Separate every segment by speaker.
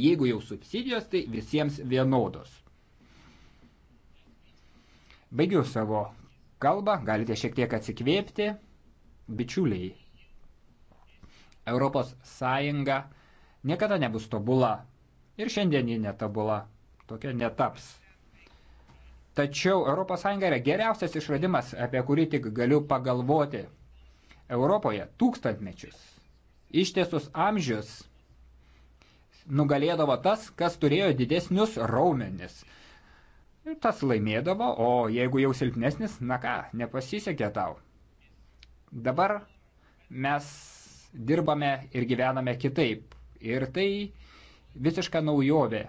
Speaker 1: Jeigu jau subsidijos, tai visiems vienodos. Baigiu savo kalbą, galite šiek tiek atsikvėpti. Bičiuliai, Europos Sąjunga niekada nebus tobula ir šiandien ji netobula, tokia netaps. Tačiau ES yra geriausias išradimas, apie kurį tik galiu pagalvoti. Europoje tūkstantmečius, ištiesus amžius nugalėdavo tas, kas turėjo didesnius raumenis. Ir tas laimėdavo, o jeigu jau silpnesnis, na ką, nepasisekė tau. Dabar mes dirbame ir gyvename kitaip. Ir tai visiška naujovė.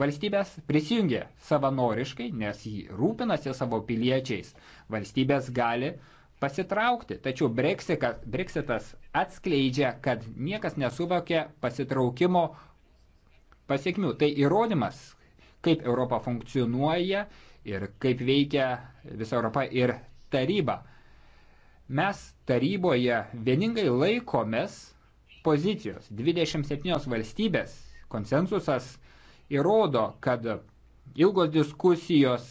Speaker 1: Valstybės prisijungia savanoriškai, nes jį rūpinasi savo piliečiais. Valstybės gali pasitraukti. Tačiau Brexitas atskleidžia, kad niekas nesuvokė pasitraukimo pasiekmių. Tai įrodymas, kaip Europa funkcionuoja ir kaip veikia visa Europa ir taryba. Mes taryboje vieningai laikomės pozicijos. 27 valstybės konsensusas įrodo, kad ilgos diskusijos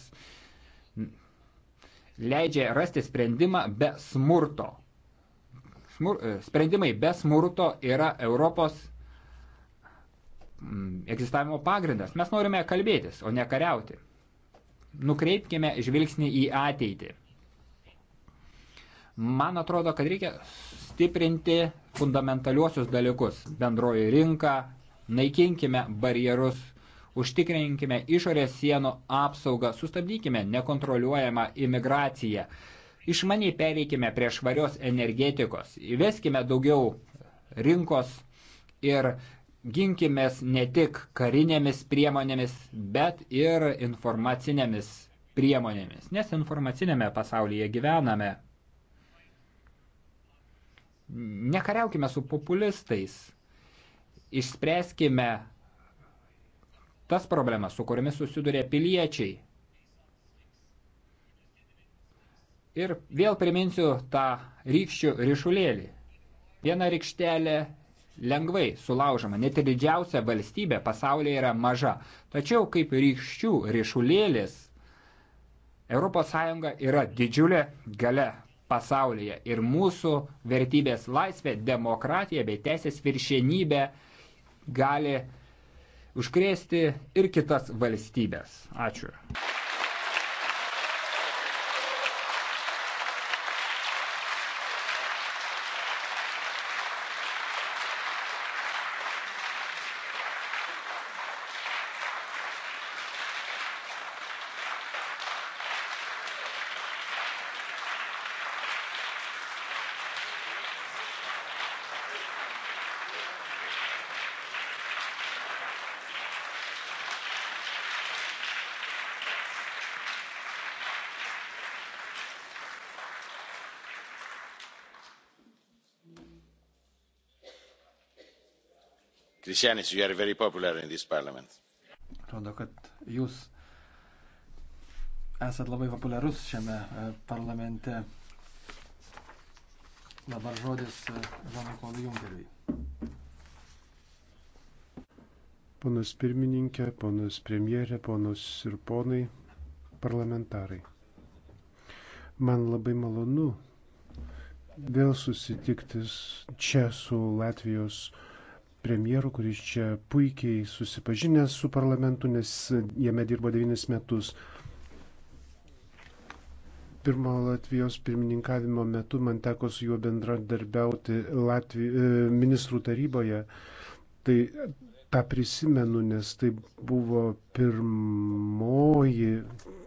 Speaker 1: leidžia rasti sprendimą be smurto. Smur, e, sprendimai be smurto yra Europos Mm, egzistavimo pagrindas. Mes norime kalbėtis, o ne kariauti. Nukreipkime žvilgsnį į ateitį. Man atrodo, kad reikia stiprinti fundamentaliuosius dalykus - bendroji rinka, naikinkime barjerus, užtikrinkime išorės sienų apsaugą, sustabdykime nekontroliuojamą imigraciją, išmaniai pereikime prie švarios energetikos, įveskime daugiau rinkos ir ginkimės ne tik karinėmis priemonėmis, bet ir informacinėmis priemonėmis, nes informacinėme pasaulyje gyvename. Nekariaukime su populistais, išspręskime tas problemas, su kuriamis susiduria piliečiai. Ir vėl priminsiu tą rykščių ryšulėlį. Viena rykštelė lengvai sulaužoma. Net ir didžiausia valstybė pasaulyje yra maža. Tačiau kaip rykščių ryšulėlis ES yra didžiulė gale pasaulyje ir mūsų vertybės laisvė, demokratija bei teisės viršienybė gali užkrėsti ir kitas valstybės. Ačiū.
Speaker 2: Kristianis, you are very popular in this parliament.
Speaker 3: Atrodo, kad jūs esat labai populiarus šiame e, parlamente. Dabar žodis e, Žanui Klodui Junkeriui.
Speaker 2: Ponas pirmininkė, ponas premjerė, ponos ir ponai parlamentarai. Man labai malonu vėl susitikti čia su Latvijos uh, premjeru, kuris čia puikiai susipažinęs su parlamentu, nes jame dirbo devynis metus. Pirmo Latvijos pirmininkavimo metu man teko su juo bendradarbiauti Latvi, e, ministrų taryboje. Tai tą prisimenu, nes tai buvo pirmoji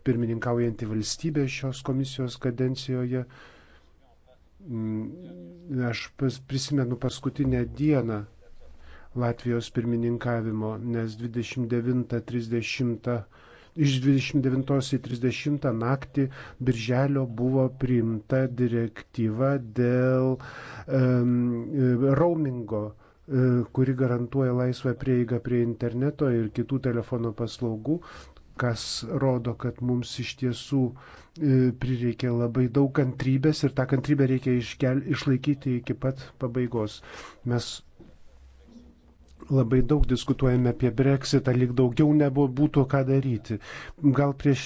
Speaker 2: pirmininkaujanti valstybė šios komisijos kadencijoje. Mm, aš prisimenu paskutinę dieną Latvijos pirmininkavimo, nes 29.30 iš 29 į 30 naktį birželio buvo priimta direktyva dėl um, roamingo e, kuri garantuoja laisvą prieigą prie interneto ir kitų telefono paslaugų, kas rodo, kad mums iš tiesų e, prireikė labai daug kantrybės ir tą kantrybę reikia iškel, išlaikyti iki pat pabaigos. Mes Labai daug diskutuojame apie breksitą, lyg daugiau nebūtų ką daryti. Gal prieš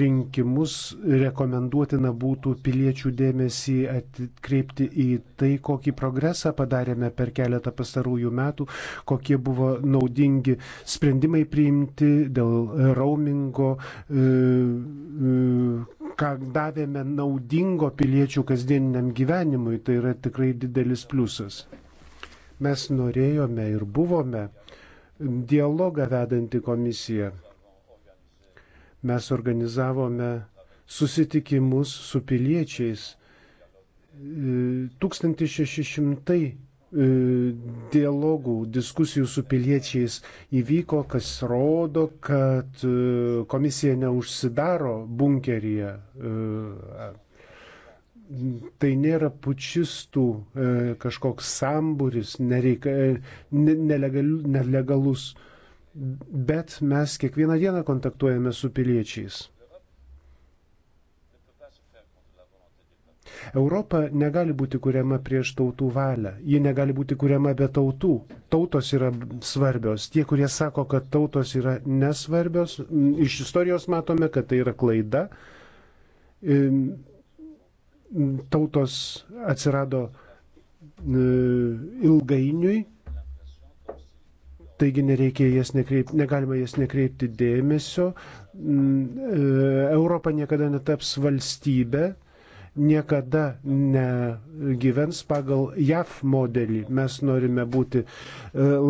Speaker 2: rinkimus rekomenduotina būtų piliečių dėmesį atkreipti į tai, kokį progresą padarėme per keletą pastarųjų metų, kokie buvo naudingi sprendimai priimti dėl roamingo, e, e, ką davėme naudingo piliečių kasdieniniam gyvenimui. Tai yra tikrai didelis pliusas. Mes norėjome ir buvome dialogą vedanti komisija. Mes organizavome susitikimus su piliečiais. 1600 e, dialogų, diskusijų su piliečiais įvyko, kas rodo, kad e, komisija neužsidaro bunkeryje e, tai nėra pučistų e, kažkoks sambūris, nereika, e, ne, nelegal, nelegalus, bet mes kiekvieną dieną kontaktuojame su piliečiais. Europa negali būti kuriama prieš tautų valią, ji negali būti kuriama be tautų. Tautos yra svarbios. Tie, kurie sako, kad tautos yra nesvarbios, iš istorijos matome, kad tai yra klaida. E, tautos atsirado e, ilgainiui, taigi nereikia jas nekreipti, negalima jas nekreipti dėmesio. Mm, e, Europa niekada netaps valstybė, niekada negyvens pagal JAF modelį. Mes norime būti e,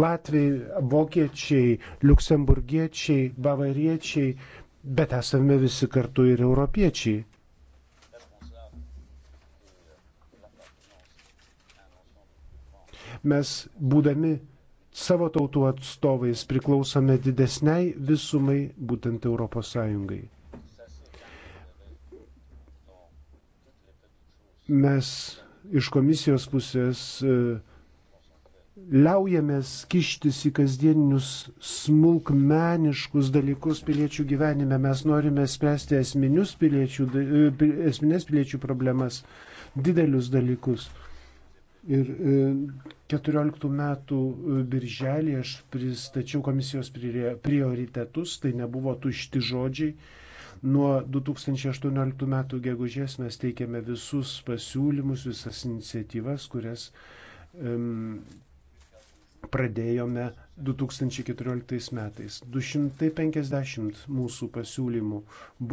Speaker 2: Latvijai, Vokiečiai, Luksemburgiečiai, Bavariečiai, bet esame visi kartu ir europiečiai. Mes, būdami savo tautų atstovais, priklausome didesniai visumai, būtent Europos Sąjungai. Mes iš komisijos pusės e, liaujamės kištis į kasdieninius smulkmeniškus dalykus piliečių gyvenime. Mes norime spręsti esminius piliečių, e, esminės piliečių problemas, didelius dalykus. Ir 14 e, metų e, birželį aš pristačiau komisijos prioritetus, tai nebuvo tušti žodžiai. Nuo 2018 metų gegužės mes teikiame visus pasiūlymus, visas iniciatyvas, kurias um, pradėjome 2014 metais. 250 mūsų pasiūlymų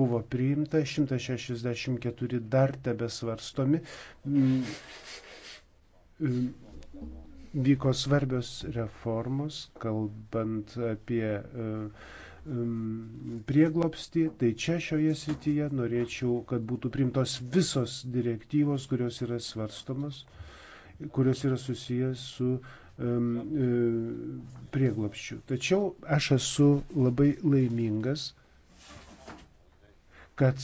Speaker 2: buvo priimta, 164 dar tebesvarstomi. Um, vyko svarbios reformos, kalbant apie e, prieglopsti, tai čia šioje srityje norėčiau, kad būtų primtos visos direktyvos, kurios yra svarstomos, kurios yra susijęs su e, prieglopščių. Tačiau aš esu labai laimingas, kad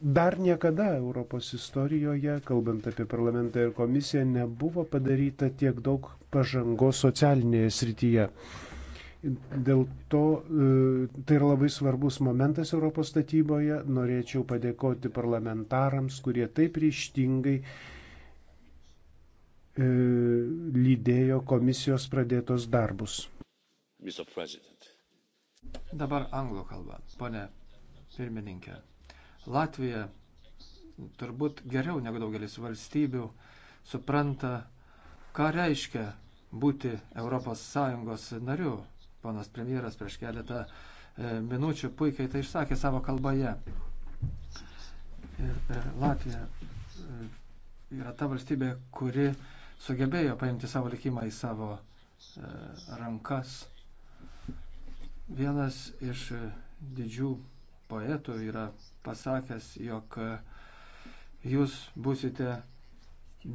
Speaker 2: Dar niekada Europos istorijoje, kalbant apie parlamentą ir komisiją, nebuvo padaryta tiek daug pažangos socialinėje srityje. Dėl to e, tai yra labai svarbus momentas Europos statyboje. Norėčiau padėkoti parlamentarams, kurie taip ryštingai e, lydėjo komisijos pradėtos darbus.
Speaker 3: Dabar anglų kalba. Pone pirmininkė. Latvija turbūt geriau negu daugelis valstybių supranta, ką reiškia būti ES nariu. Ponas premjeras prieš keletą e, minučių puikiai tai išsakė savo kalboje. Ir e, Latvija e, yra ta valstybė, kuri sugebėjo paimti savo likimą į savo rankas. Vienas iš didžių poetų yra pasakęs, jog jūs būsite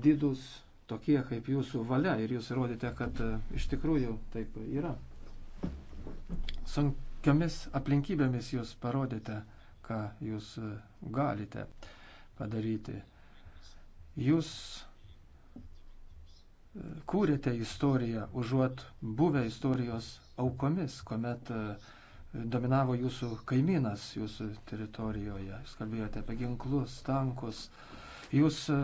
Speaker 3: didus tokie kaip jūsų valia ir jūs rodite, kad e, iš tikrųjų taip yra. Sunkiomis aplinkybėmis jūs parodėte, ką jūs e, galite padaryti. Jūs e, kūrėte istoriją, užuot buvę istorijos aukomis, kuomet uh, dominavo jūsų kaimynas jūsų teritorijoje. Jūs kalbėjote apie ginklus, tankus. Jūs e,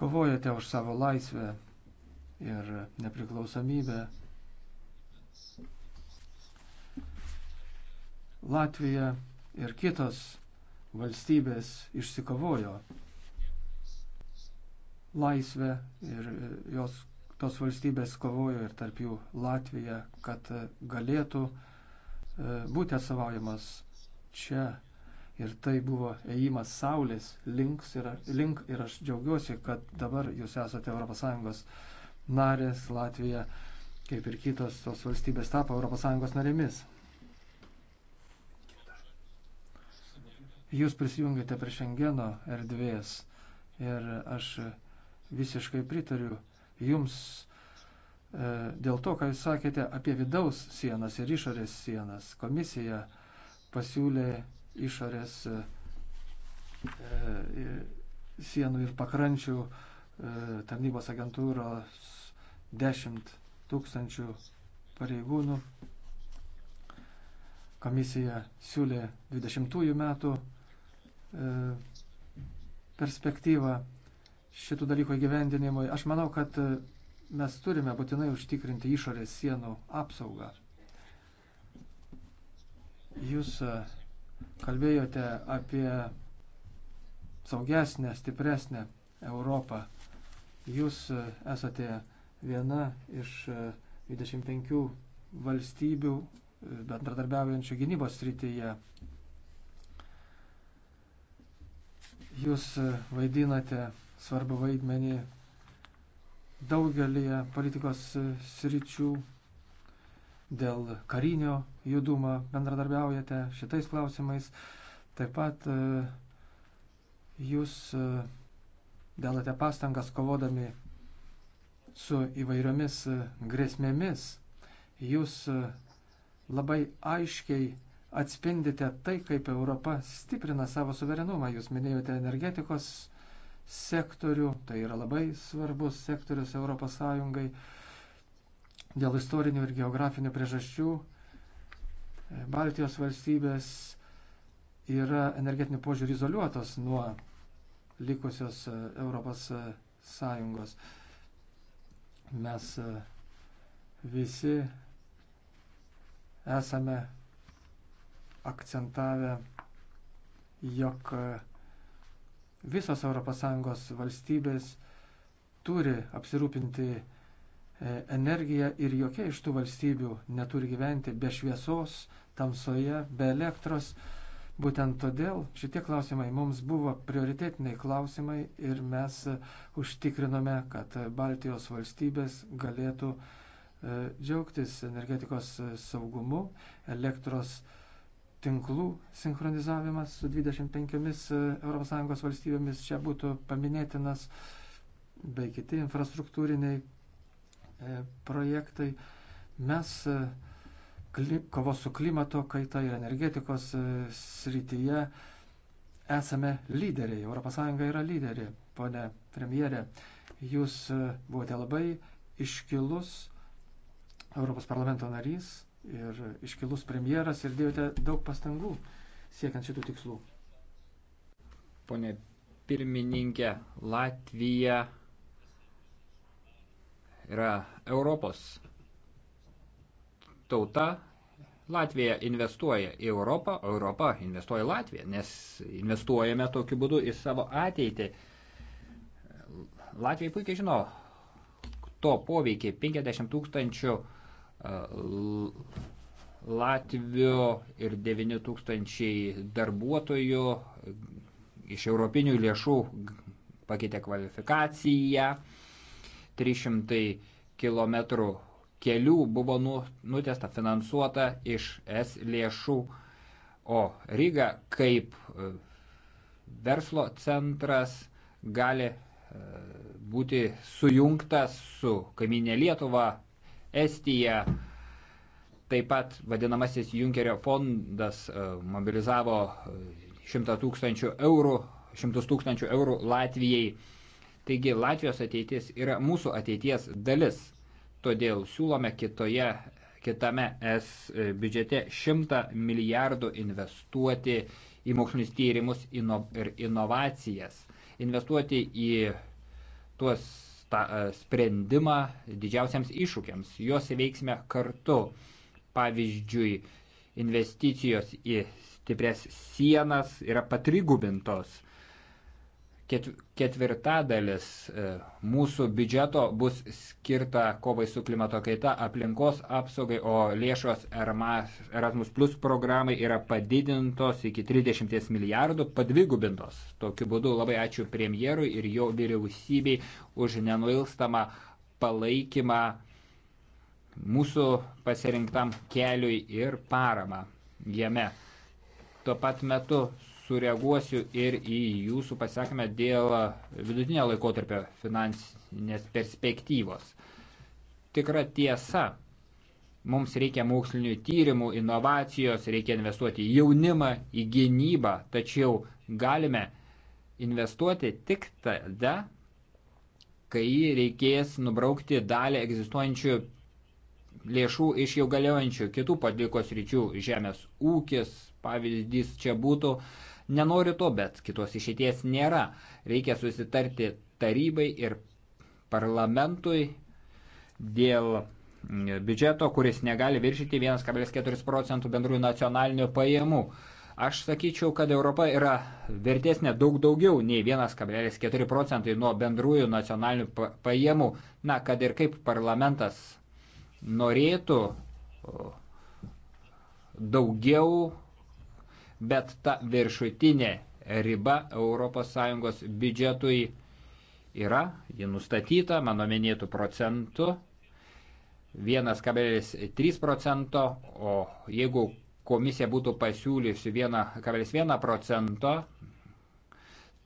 Speaker 3: kovojate už savo laisvę ir nepriklausomybę. Latvija ir kitos valstybės išsikovojo laisvę ir e, jos, tos valstybės kovojo ir tarp jų Latvija, kad e, galėtų uh, E, būti atstovaujamas čia. Ir tai buvo ėjimas Saulės links ir, link ir aš džiaugiuosi, kad dabar jūs esate ES narės, Latvija, kaip ir kitos tos valstybės tapo ES narėmis. Jūs prisijungėte prie Šengeno erdvės ir aš visiškai pritariu jums E, dėl to, ką jūs sakėte apie vidaus sienas ir išorės sienas, komisija pasiūlė išorės e, e, sienų ir pakrančių tarnybos agentūros 10 tūkstančių pareigūnų. Komisija siūlė 20 metų perspektyvą šitų dalykų įgyvendinimui. Aš manau, kad mes turime būtinai užtikrinti išorės sienų apsaugą. Jūs e, kalbėjote apie saugesnę, stipresnę Europą. Jūs e, esate viena iš 25 e, valstybių bendradarbiaujančių gynybos srityje. Jūs vaidinate svarbu vaidmenį daugelį politikos e, sričių dėl karinio judumo bendradarbiaujate šitais klausimais. Taip pat e, jūs e, dedate pastangas kovodami su įvairiomis grėsmėmis. Jūs labai aiškiai atspindite tai, kaip Europa stiprina savo suverenumą. Jūs minėjote energetikos sektorių, tai yra labai svarbus sektorius ES dėl istorinių ir geografinių priežasčių. Baltijos valstybės yra energetinių požiūrį izoliuotos nuo likusios ES. E, Mes e, visi esame akcentavę, jog e, Visos ES valstybės turi apsirūpinti e, energiją ir jokia iš tų valstybių neturi gyventi be šviesos, tamsoje, be elektros. Būtent todėl šitie klausimai mums buvo prioritetiniai klausimai ir mes užtikrinome, kad Baltijos valstybės galėtų e, džiaugtis energetikos saugumu, elektros saugumu tinklų sinchronizavimas su 25 ES valstybėmis čia būtų paminėtinas, bei kiti infrastruktūriniai e, projektai. Mes e, kovos su klimato kaita ir energetikos e, srityje esame lyderiai, ES yra lyderė. Pone premjerė, jūs buvote labai iškilus Europos parlamento narys, ir iškilus premjeras ir dėjote daug pastangų siekiant šitų tikslų.
Speaker 1: Pone pirmininkė, Latvija yra Europos tauta. Latvija investuoja į Europą, o Europa investuoja į Latviją, nes investuojame tokiu būdu į savo ateitį. Latvijai puikiai žino to poveikį 50 tūkstančių 000 Latvių ir 9 tūkstančiai darbuotojų iš europinių lėšų pakeitė kvalifikaciją, 300 km kelių buvo nu, nutesta finansuota iš S lėšų, o Ryga kaip e, verslo centras gali e, būti sujungtas su kaiminė Lietuva Estija. Taip pat vadinamasis Junkerio fondas e, mobilizavo 100 e, tūkstančių eurų, 100 tūkstančių eurų Latvijai. Taigi Latvijos ateitis yra mūsų ateities dalis. Todėl siūlome kitoje, kitame S e, biudžete 100 milijardų investuoti į mokslinius tyrimus ir inovacijas. Investuoti į tuos ta, e, sprendimą didžiausiams iššūkiams. Juos įveiksime kartu. Pavyzdžiui, investicijos į stipres sienas yra patrigubintos ketvirtadalis e, mūsų biudžeto bus skirta kovai su klimato kaita, aplinkos apsaugai, o lėšos Erasmus Plus programai yra padidintos iki 30 milijardų, padvigubintos. Tokiu būdu labai ačiū premjerui ir jo vyriausybei už nenuilstamą palaikymą mūsų pasirinktam keliui ir paramą jame. Tuo pat metu sureaguosiu ir į jūsų pasakymą dėl vidutinio laikotarpio finansinės perspektyvos. Tikra tiesa, mums reikia mokslinių tyrimų, inovacijos, reikia investuoti į jaunimą, į gynybą, tačiau galime investuoti tik tada, kai reikės nubraukti dalį egzistuojančių lėšų iš jau galiojančių kitų padlikos ryčių žemės ūkis, pavyzdys čia būtų, uh, nenori to, bet kitos išeities nėra. Reikia susitarti tarybai ir parlamentui dėl biudžeto, kuris negali viršyti 1,4 procentų bendrųjų nacionalinių pajamų. Aš sakyčiau, kad Europa yra vertesnė daug daugiau nei 1,4 procentai nuo bendrųjų nacionalinių pajamų. Na, kad ir kaip parlamentas norėtų daugiau bet ta viršutinė riba ES biudžetui yra, ji nustatyta mano minėtų procentų 1,3 procento, o jeigu komisija būtų pasiūlysi 1,1 procento,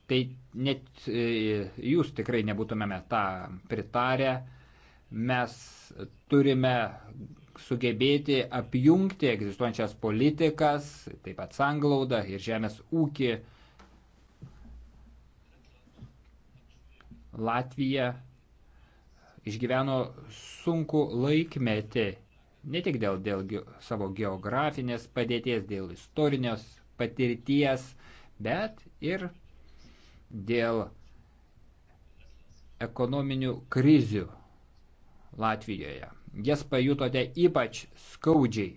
Speaker 1: tai net e, jūs tikrai nebūtumėme tą pritarę. Mes turime sugebėti apjungti egzistuojančias politikas, taip pat sanglaudą ir žemės ūkį. Latvija išgyveno sunku laikmetį, ne tik dėl, dėl savo geografinės padėties, dėl istorinios patirties, bet ir dėl ekonominių krizių Latvijoje jas pajutote ypač skaudžiai.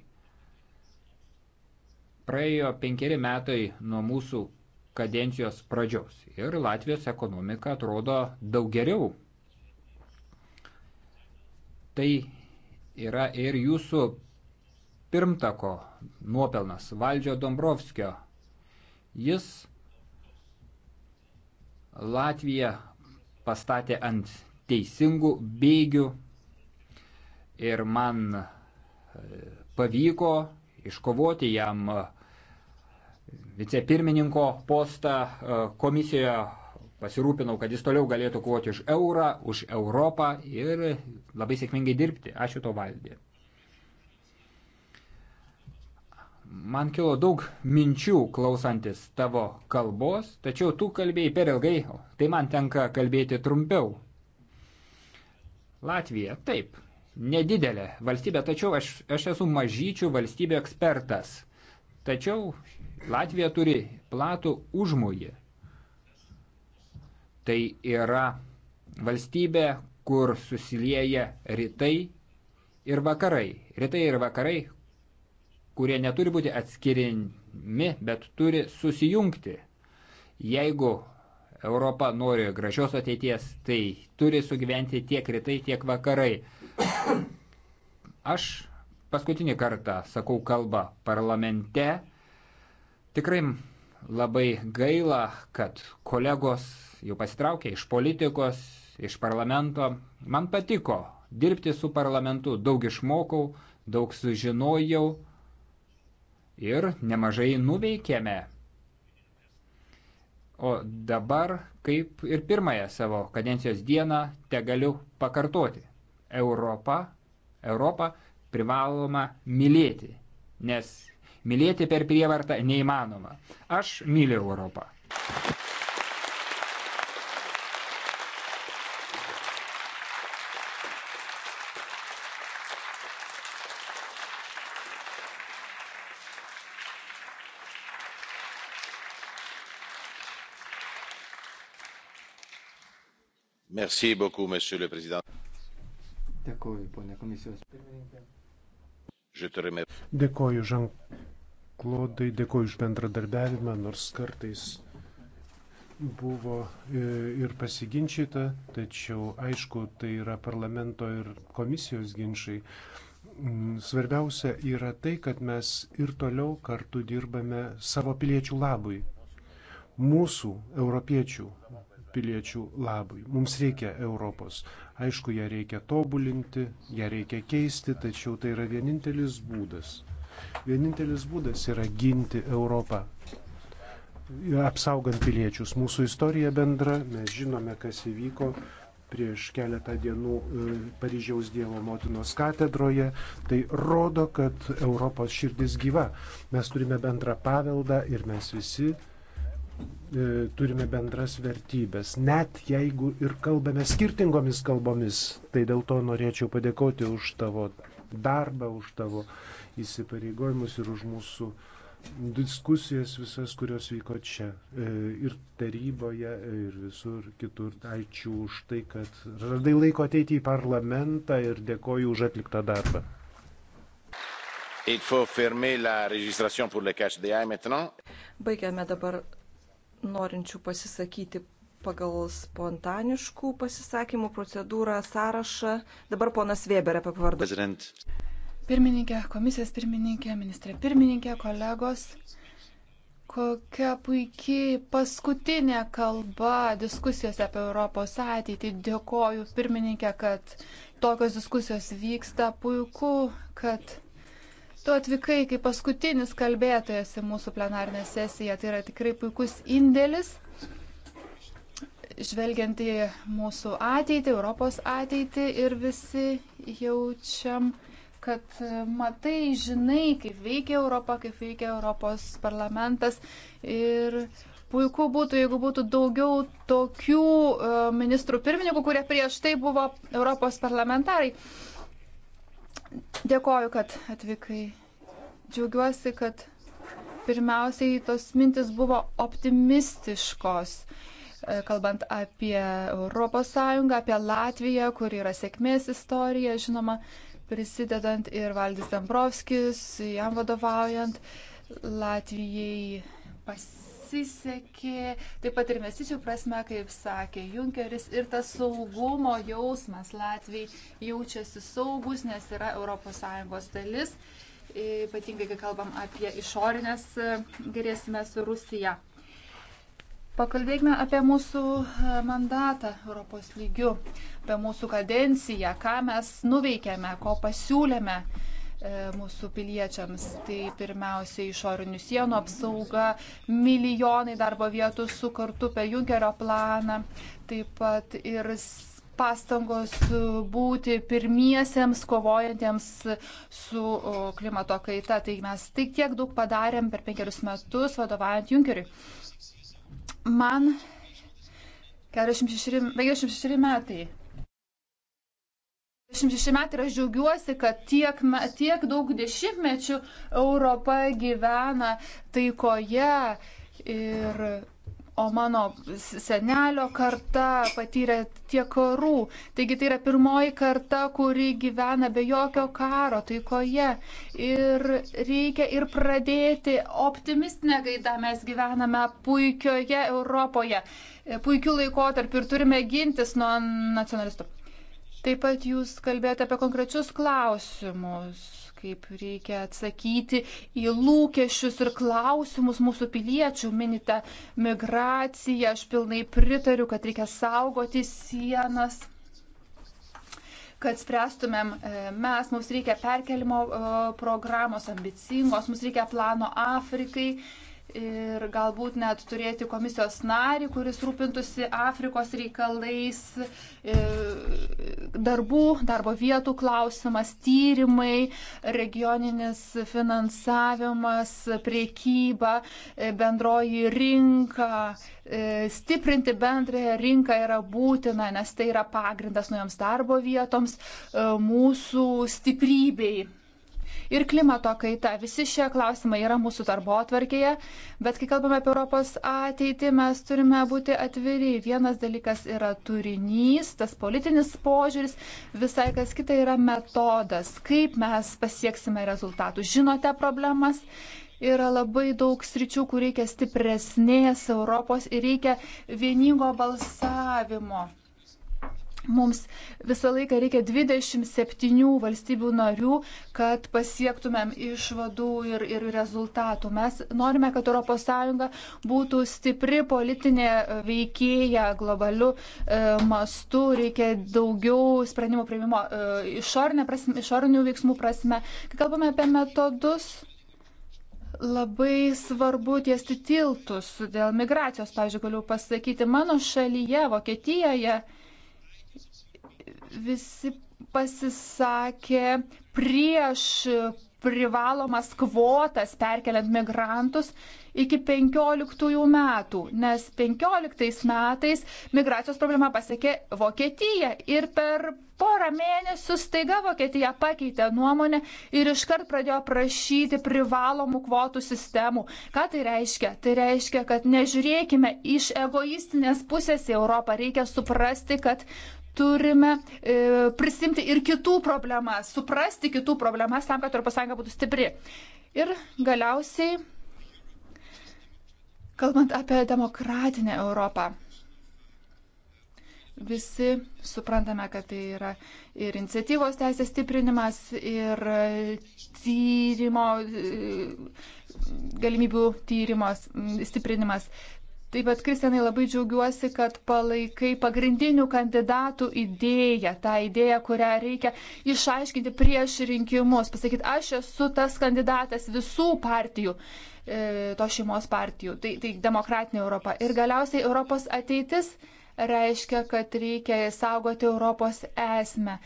Speaker 1: Praėjo penkeri metai nuo mūsų kadencijos pradžios ir Latvijos ekonomika atrodo daug geriau. Tai yra ir jūsų pirmtako nuopelnas Valdžio Dombrovskio. Jis Latviją pastatė ant teisingų bėgių ir man e, pavyko iškovoti jam e, vicepirmininko postą e, komisijoje, pasirūpinau, kad jis toliau galėtų kovoti už eurą, už Europą ir labai sėkmingai dirbti. Ačiū to valdė. Man kilo daug minčių klausantis tavo kalbos, tačiau tu kalbėjai per ilgai, tai man tenka kalbėti trumpiau. Latvija, taip, nedidelė valstybė, tačiau aš, aš esu mažyčių valstybių ekspertas. Tačiau Latvija turi platų užmojį. Tai yra valstybė, kur susilieja rytai ir vakarai. Rytai ir vakarai, kurie neturi būti atskirimi, bet turi susijungti. Jeigu Europa nori gražios ateities, tai turi sugyventi tiek rytai, tiek vakarai. Aš paskutinį kartą sakau kalbą parlamente. Tikrai labai gaila, kad kolegos jau pasitraukė iš politikos, iš parlamento. Man patiko dirbti su parlamentu, daug išmokau, daug sužinojau ir nemažai nuveikėme. O dabar, kaip ir pirmąją savo kadencijos dieną, te galiu pakartoti. Europą, Europą privaloma mylėti, nes mylėti per prievartą neįmanoma. Aš myliu Europą.
Speaker 2: Merci beaucoup,
Speaker 3: monsieur le président. Dėkuoju, ponė komisijos pirmininkė.
Speaker 2: Dėkuoju, Žanklodai, dėkuoju už bendradarbiavimą, nors kartais buvo e, ir pasiginčyta, tačiau aišku, tai yra parlamento ir komisijos ginčiai. Mm, svarbiausia yra tai, kad mes ir toliau kartu dirbame savo piliečių labui, mūsų, europiečių, piliečių labui. Mums reikia Europos. Aišku, ją reikia tobulinti, ją reikia keisti, tačiau tai yra vienintelis būdas. Vienintelis būdas yra ginti Europą, apsaugant piliečius. Mūsų istorija bendra, mes žinome, kas įvyko prieš keletą dienų e, Paryžiaus Dievo motinos katedroje. Tai rodo, kad Europos širdis gyva. Mes turime bendrą paveldą ir mes visi E, turime bendras vertybės. Net jeigu ir kalbame skirtingomis kalbomis, tai dėl to norėčiau padėkoti už tavo darbą, už tavo įsipareigojimus ir už mūsų diskusijas visas, kurios vyko čia e, ir taryboje, e, ir visur kitur. Ačiū už tai, kad radai laiko ateiti į parlamentą ir dėkoju už atliktą darbą.
Speaker 4: Baigiame dabar norinčių pasisakyti pagal spontaniškų pasisakymų procedūrą sąrašą. Dabar ponas Weber apie pavardą. Pirmininkė,
Speaker 5: komisijos pirmininkė, ministrė pirmininkė, kolegos. Kokia puikiai paskutinė kalba diskusijose apie Europos ateitį. Dėkoju pirmininkė, kad tokios diskusijos vyksta. Puiku, kad Tu atvykai kaip paskutinis kalbėtojas į mūsų plenarinę sesiją. Tai yra tikrai puikus indėlis, žvelgiant į mūsų ateitį, Europos ateitį ir visi jaučiam kad e, matai, žinai, kaip veikia Europa, kaip veikia Europos parlamentas. Ir puiku būtų, jeigu būtų daugiau tokių e, ministrų pirmininkų, kurie prieš tai buvo Europos parlamentarai. Dėkoju, kad atvykai. Džiaugiuosi, kad pirmiausiai tos mintis buvo optimistiškos, e, kalbant apie ES, apie Latviją, kur yra sėkmės istorija, žinoma, prisidedant ir Valdis Dambrovskis, jam vadovaujant, Latvijai pasiekti pasisekė, taip pat ir investicijų prasme, kaip sakė Junkeris, ir tas saugumo jausmas Latvijai jaučiasi saugus, nes yra ES dalis, ypatingai kai kalbam apie išorinės e, grėsmės Rusiją. Pakalbėkime apie mūsų e, mandatą Europos lygių, apie mūsų kadenciją, ką mes nuveikėme, ko pasiūlėme E, mūsų piliečiams. Tai pirmiausia išorinių sienų apsauga, milijonai darbo vietų sukartu per Junkerio planą, taip pat ir pastangos būti pirmiesiems kovojantiems su klimato kaita. Tai mes tai tiek daug padarėm per penkerius metus vadovaujant Junkeriui. Man 46, 46 metai 26 metai ir aš džiaugiuosi, kad tiek, tiek daug dešimtmečių Europa gyvena taikoje. Ir, o mano senelio karta patyrė tiek karų. Taigi tai yra pirmoji karta, kuri gyvena be jokio karo taikoje. Ir reikia ir pradėti optimistinę gaidą. Mes gyvename puikioje Europoje, puikiu laikotarpiu ir turime gintis nuo nacionalistų. Taip pat jūs kalbėjote apie konkrečius klausimus, kaip reikia atsakyti į lūkesčius ir klausimus mūsų piliečių. Minite migraciją, aš pilnai pritariu, kad reikia saugoti sienas kad spręstumėm e, mes, mums reikia perkelimo e, programos ambicingos, mums reikia plano Afrikai, ir galbūt net turėti komisijos narį, kuris rūpintųsi Afrikos reikalais, e, darbų, darbo vietų klausimas, tyrimai, regioninis finansavimas, priekyba, e, bendroji rinka. E, stiprinti bendrąją rinką yra būtina, nes tai yra pagrindas naujoms darbo vietoms, mūsų stiprybei ir klimato kaita. Visi šie klausimai yra mūsų darbo atvarkėje, bet kai kalbame apie Europos ateitį, mes turime būti atviri. Vienas dalykas yra turinys, tas politinis požiūris, visai kas kita yra metodas, kaip mes pasieksime rezultatų. Žinote problemas? yra labai daug sričių, kur reikia stipresnės Europos ir reikia vieningo balsavimo. Mums visą laiką reikia 27 valstybių narių, kad pasiektumėm išvadų ir, ir rezultatų. Mes norime, kad ES būtų stipri politinė veikėja globaliu e, mastu. Reikia daugiau sprendimų prieimimo e, išorinių veiksmų prasme. Kai kalbame apie metodus, labai svarbu tiesti tiltus dėl migracijos. Pavyzdžiui, galiu pasakyti, mano šalyje, Vokietijoje, visi pasisakė prieš privalomas kvotas perkeliant migrantus iki 15 metų, nes 15 metais migracijos problema pasiekė Vokietiją ir per porą mėnesių staiga Vokietija pakeitė nuomonę ir iškart pradėjo prašyti privalomų kvotų sistemų. Ką tai reiškia? Tai reiškia, kad nežiūrėkime iš egoistinės pusės į Europą, reikia suprasti, kad turime e, prisimti ir kitų problemas, suprasti kitų problemas tam, kad Europos Sąjunga būtų stipri. Ir galiausiai, kalbant apie demokratinę Europą, visi suprantame, kad tai yra ir iniciatyvos teisės stiprinimas, ir tyrimo, e, galimybių tyrimos stiprinimas. Taip pat, Kristianai, labai džiaugiuosi, kad palaikai pagrindinių kandidatų idėją, tą idėją, kurią reikia išaiškinti prieš rinkimus, pasakyti, aš esu tas kandidatas visų partijų, e, to šeimos partijų, tai, tai demokratinė Europa. Ir galiausiai Europos ateitis reiškia, kad reikia saugoti Europos esmę,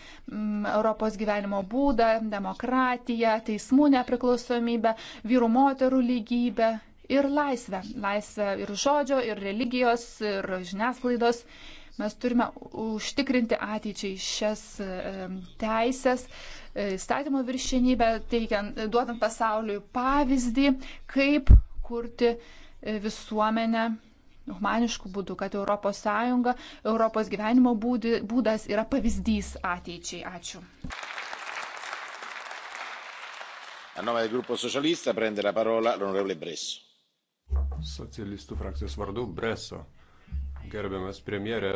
Speaker 5: Europos gyvenimo būdą, demokratiją, teismų nepriklausomybę, vyrų moterų lygybę ir laisvę. Laisvę ir žodžio, ir religijos, ir žiniasklaidos. Mes turime užtikrinti ateičiai šias teisės, e, įstatymo viršinybę, teikiant, duodant pasauliui pavyzdį, kaip kurti e, visuomenę humaniškų būdų, kad ES, Europos gyvenimo būdį, būdas yra pavyzdys ateičiai. Ačiū.
Speaker 2: A nome del gruppo socialista prende la parola l'onorevole Bresso
Speaker 6: socialistų frakcijos vardu Breso. Gerbiamas premjerė,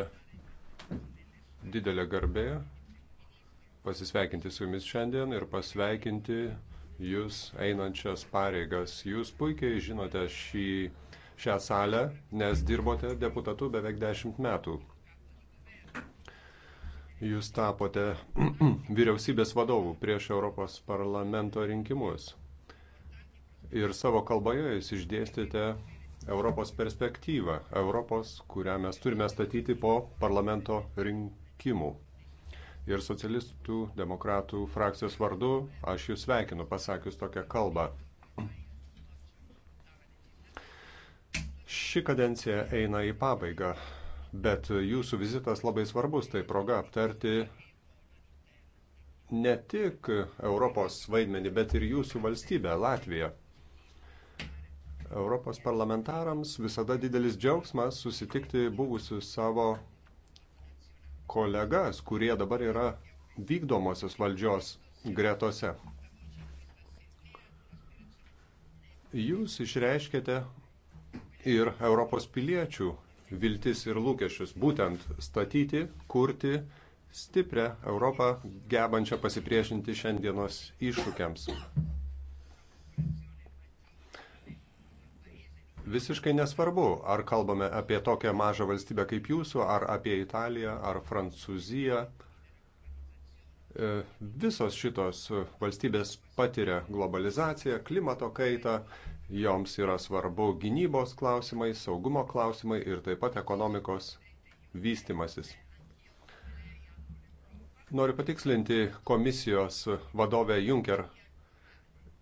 Speaker 6: didelė garbė pasisveikinti su jumis šiandien ir pasveikinti jūs einančias pareigas. Jūs puikiai žinote šį, šią salę, nes dirbote deputatu beveik dešimt metų. Jūs tapote vyriausybės vadovu prieš Europos parlamento rinkimus. Ir savo kalboje jūs išdėstėte Europos perspektyvą, Europos, kurią mes turime statyti po parlamento rinkimų. Ir socialistų demokratų frakcijos vardu aš jūs sveikinu pasakius tokią kalbą. Ši kadencija eina į pabaigą, bet jūsų vizitas labai svarbus, tai proga aptarti ne tik Europos vaidmenį, bet ir jūsų valstybę Latviją. Europos parlamentarams visada didelis džiaugsmas susitikti buvusius savo kolegas, kurie dabar yra vykdomosios valdžios gretose. Jūs išreiškėte ir Europos piliečių viltis ir lūkesčius būtent statyti, kurti stiprią Europą, gebančią pasipriešinti šiandienos iššūkiams. visiškai nesvarbu, ar kalbame apie tokią mažą valstybę kaip jūsų, ar apie Italiją, ar Prancūziją. E, visos šitos valstybės patiria globalizaciją, klimato kaitą, joms yra svarbu gynybos klausimai, saugumo klausimai ir taip pat ekonomikos vystimasis. Noriu patikslinti komisijos vadovę Juncker.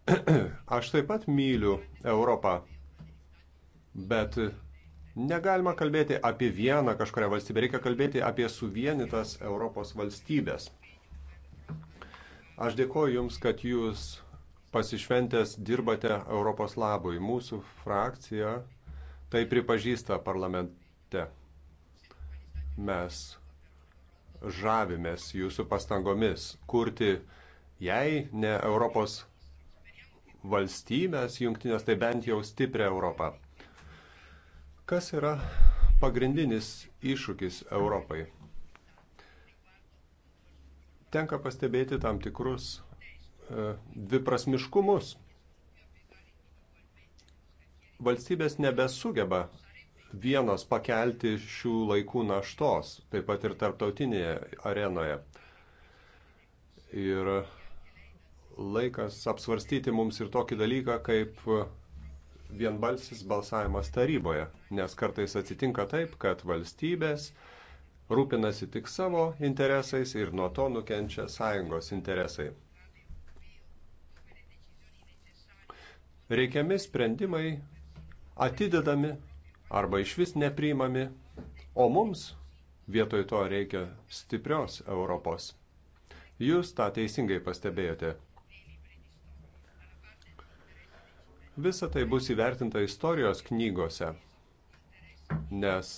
Speaker 6: Aš taip pat myliu Europą, Bet negalima kalbėti apie vieną kažkurią valstybę, reikia kalbėti apie suvienytas Europos valstybės. Aš dėkoju Jums, kad Jūs pasišventęs dirbate Europos labui. Mūsų frakcija tai pripažįsta parlamente. Mes žavimės Jūsų pastangomis kurti, jei ne Europos valstybės jungtinės, tai bent jau stiprią Europą. Kas yra pagrindinis iššūkis Europai? Tenka pastebėti tam tikrus e, dviprasmiškumus. Valstybės nebesugeba vienos pakelti šių laikų naštos, taip pat ir tarptautinėje arenoje. Ir laikas apsvarstyti mums ir tokį dalyką kaip vienbalsis balsavimas taryboje, nes kartais atsitinka taip, kad valstybės rūpinasi tik savo interesais ir nuo to nukenčia sąjungos interesai. Reikiami sprendimai atidedami arba iš vis nepriimami, o mums vietoj to reikia stiprios Europos. Jūs tą teisingai pastebėjote. Visa tai bus įvertinta istorijos knygose, nes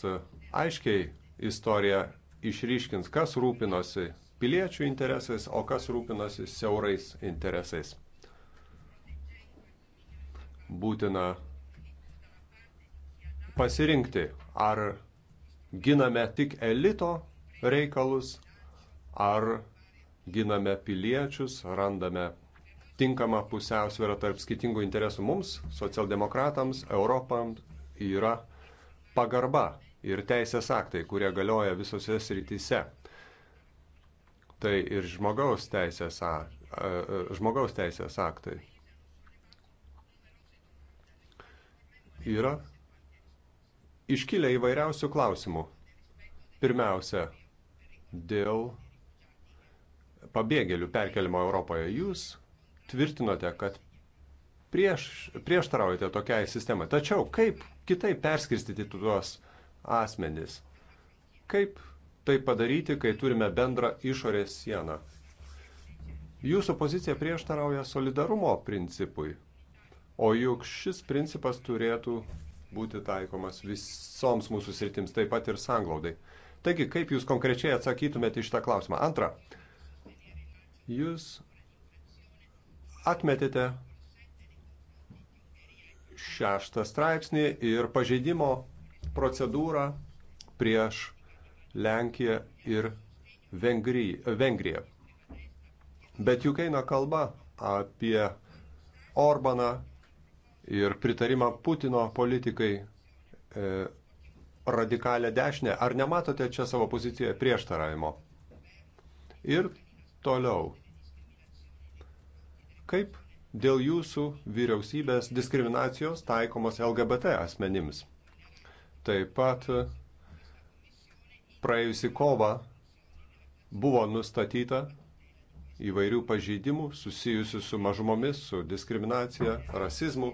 Speaker 6: aiškiai istorija išryškins, kas rūpinosi piliečių interesais, o kas rūpinosi siaurais interesais. Būtina pasirinkti, ar giname tik elito reikalus, ar giname piliečius, randame tinkama pusiausvėra tarp skirtingų interesų mums, socialdemokratams, Europam yra pagarba ir teisės aktai, kurie galioja visose srityse. Tai ir žmogaus teisės, žmogaus teisės aktai. Yra iškilę įvairiausių klausimų. Pirmiausia, dėl pabėgėlių perkelimo Europoje. Jūs tvirtinote, kad prieš, prieštaraujate tokiai sistemai. Tačiau kaip kitaip perskirstyti tuos asmenys? Kaip tai padaryti, kai turime bendrą išorės sieną? Jūsų pozicija prieštarauja solidarumo principui, o juk šis principas turėtų būti taikomas visoms mūsų sritims, taip pat ir sanglaudai. Taigi, kaip jūs konkrečiai atsakytumėte iš tą klausimą? Antra, jūs atmetėte šeštą straipsnį ir pažeidimo procedūrą prieš Lenkiją ir Vengriją. Bet juk eina kalba apie Orbaną ir pritarimą Putino politikai e, radikalę dešinę. Ar nematote čia savo pozicijoje prieštaravimo? Ir toliau kaip dėl jūsų vyriausybės diskriminacijos taikomos LGBT asmenims. Taip pat e, praėjusi kova buvo nustatyta įvairių pažeidimų susijusių su mažumomis, su diskriminacija, rasizmu.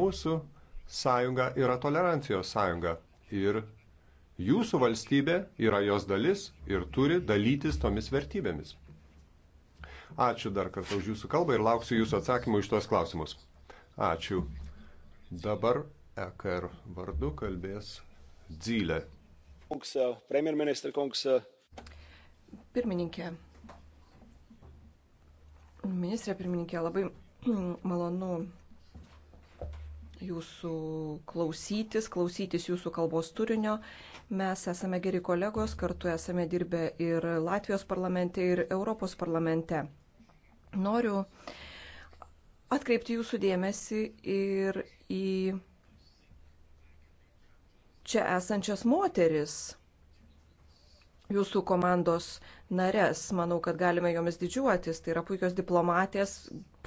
Speaker 6: Mūsų sąjunga yra tolerancijos sąjunga ir jūsų valstybė yra jos dalis ir turi dalytis tomis vertybėmis. Ačiū dar kartą už jūsų kalbą ir lauksiu jūsų atsakymų iš tuos klausimus. Ačiū. Dabar EKR vardu kalbės Dzylė.
Speaker 4: Pirmininkė, ministrė pirmininkė, labai malonu jūsų klausytis, klausytis jūsų kalbos turinio. Mes esame geri kolegos, kartu esame dirbę ir Latvijos parlamente, ir Europos parlamente. Noriu atkreipti jūsų dėmesį ir į čia esančias moteris, jūsų komandos nares. Manau, kad galime jomis didžiuotis. Tai yra puikios diplomatės,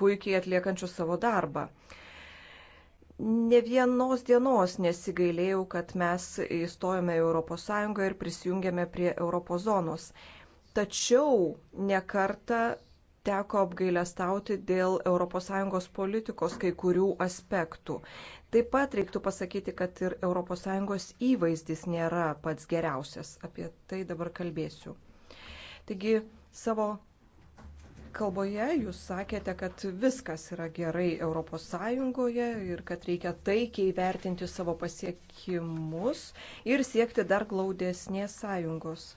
Speaker 4: puikiai atliekančios savo darbą. Ne vienos dienos nesigailėjau, kad mes įstojome į ES ir prisijungėme prie Europozonos. Tačiau nekarta teko apgailestauti dėl ES politikos kai kurių aspektų. Taip pat reiktų pasakyti, kad ir ES įvaizdis nėra pats geriausias. Apie tai dabar kalbėsiu. Taigi savo kalboje jūs sakėte, kad viskas yra gerai ES ir kad reikia taikiai vertinti savo pasiekimus ir siekti dar glaudesnės sąjungos.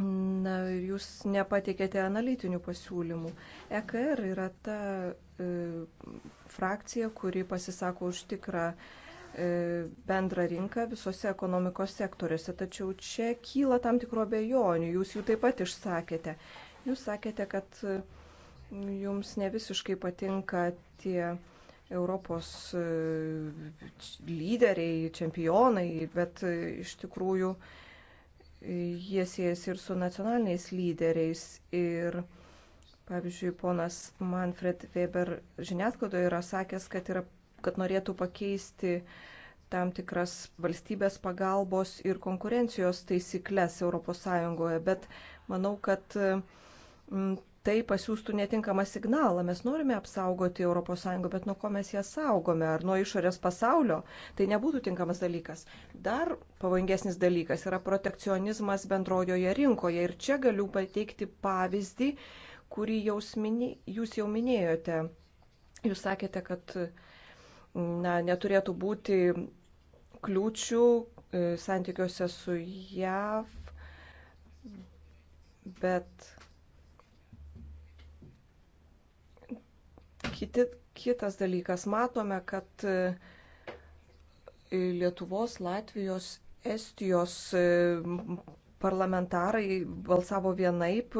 Speaker 4: Na, jūs nepateikėte analitinių pasiūlymų. EKR yra ta e, frakcija, kuri pasisako už tikrą e, bendrą rinką visose ekonomikos sektoriuose. Tačiau čia kyla tam tikro bejonių. Jūs jų taip pat išsakėte. Jūs sakėte, kad e, jums ne visiškai patinka tie Europos e, lyderiai, čempionai, bet e, iš tikrųjų e, jie siejasi ir su nacionaliniais lyderiais. Ir, pavyzdžiui, ponas Manfred Weber žiniasklaidoje yra sakęs, kad, yra, kad norėtų pakeisti tam tikras valstybės pagalbos ir konkurencijos taisyklės ES, bet manau, kad mm, tai pasiūstų netinkamą signalą. Mes norime apsaugoti ES, bet nuo ko mes ją saugome? Ar nuo išorės pasaulio? Tai nebūtų tinkamas dalykas. Dar pavojingesnis dalykas yra protekcionizmas bendrojoje rinkoje. Ir čia galiu pateikti pavyzdį, kurį mini, jūs jau minėjote. Jūs sakėte, kad na, neturėtų būti kliūčių e, santykiuose su JAV, bet Kiti, kitas dalykas, matome, kad e, Lietuvos, Latvijos, Estijos e, parlamentarai balsavo vienaip,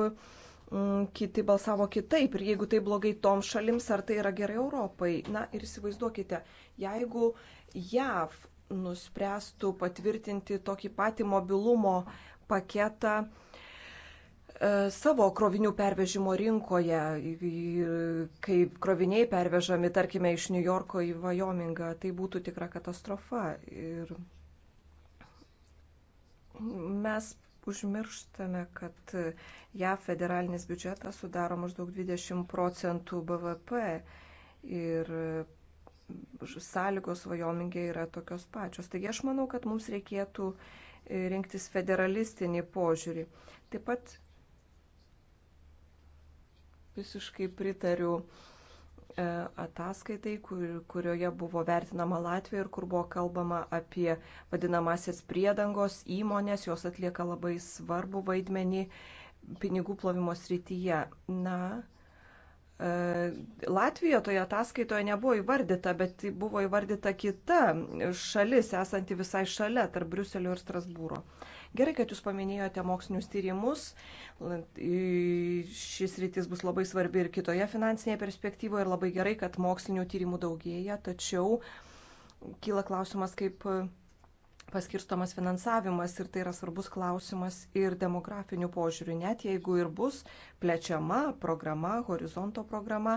Speaker 4: mm, kiti balsavo kitaip. Ir jeigu tai blogai tom šalims, ar tai yra gerai Europai? Na ir įsivaizduokite, jeigu JAV nuspręstų patvirtinti tokį patį mobilumo paketą, E, savo krovinių pervežimo rinkoje, kai kroviniai pervežami, tarkime, iš New Yorko į Vajomingą, tai būtų tikra katastrofa. Ir mes užmirštame, kad JAV federalinis biudžetas sudaro maždaug 20 procentų BVP ir sąlygos Vajomingė yra tokios pačios. Taigi aš manau, kad mums reikėtų rinktis federalistinį požiūrį. Taip pat visiškai pritariu e, ataskaitai, kur, kurioje buvo vertinama Latvija ir kur buvo kalbama apie vadinamasias priedangos įmonės, jos atlieka labai svarbu vaidmenį pinigų plovimo srityje. Na, e, Latvija toje ataskaitoje nebuvo įvardyta, bet buvo įvardyta kita šalis, esanti visai šalia, tarp Briuselio ir Strasbūro. Gerai, kad Jūs paminėjote mokslinius tyrimus. Šis rytis bus labai svarbi ir kitoje finansinėje perspektyvoje ir labai gerai, kad mokslinių tyrimų daugėja, tačiau kyla klausimas, kaip paskirstomas finansavimas ir tai yra svarbus klausimas ir demografinių požiūrių, net jeigu ir bus plečiama programa, horizonto programa,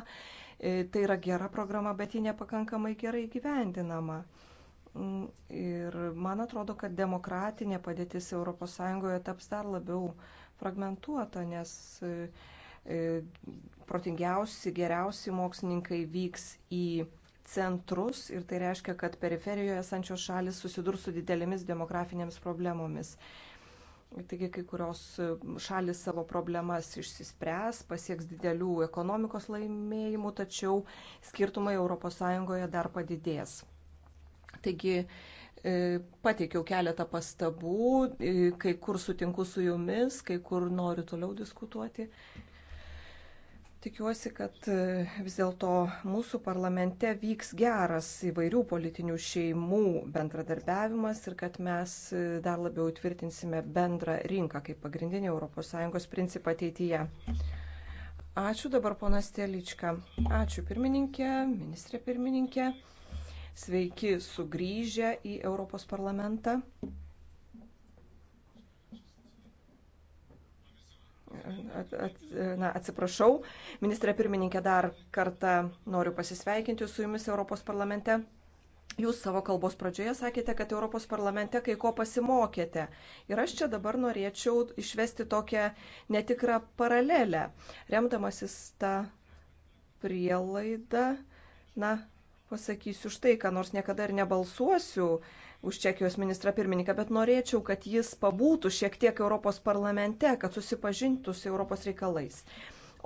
Speaker 4: e, tai yra gera programa, bet ji nepakankamai gerai gyvendinama. Mm, ir man atrodo, kad demokratinė padėtis ES taps dar labiau fragmentuota, nes e, protingiausi, geriausi mokslininkai vyks į centrus ir tai reiškia, kad periferijoje esančios šalis susidurs su didelėmis demografinėmis problemomis. Taigi kai kurios šalis savo problemas išsispręs, pasieks didelių ekonomikos laimėjimų, tačiau skirtumai ES dar padidės. Taigi e, pateikiau keletą pastabų, e, kai kur sutinku su jumis, kai kur noriu toliau diskutuoti. Tikiuosi, kad e, vis dėlto mūsų parlamente vyks geras įvairių politinių šeimų bendradarbiavimas ir kad mes dar labiau įtvirtinsime bendrą rinką kaip pagrindinį ES principą ateityje. Ačiū dabar ponas Teličką. Ačiū pirmininkė, ministrė pirmininkė. Sveiki sugrįžę į Europos parlamentą. At, at, na, atsiprašau, ministrė pirmininkė dar kartą noriu pasisveikinti su jumis Europos parlamente. Jūs savo kalbos pradžioje sakėte, kad Europos parlamente kai ko pasimokėte. Ir aš čia dabar norėčiau išvesti tokią netikrą paralelę. Remdamasis tą prielaidą, na, pasakysiu štai, ką nors niekada ir nebalsuosiu už Čekijos ministrą pirmininką, bet norėčiau, kad jis pabūtų šiek tiek Europos parlamente, kad susipažintų su Europos reikalais.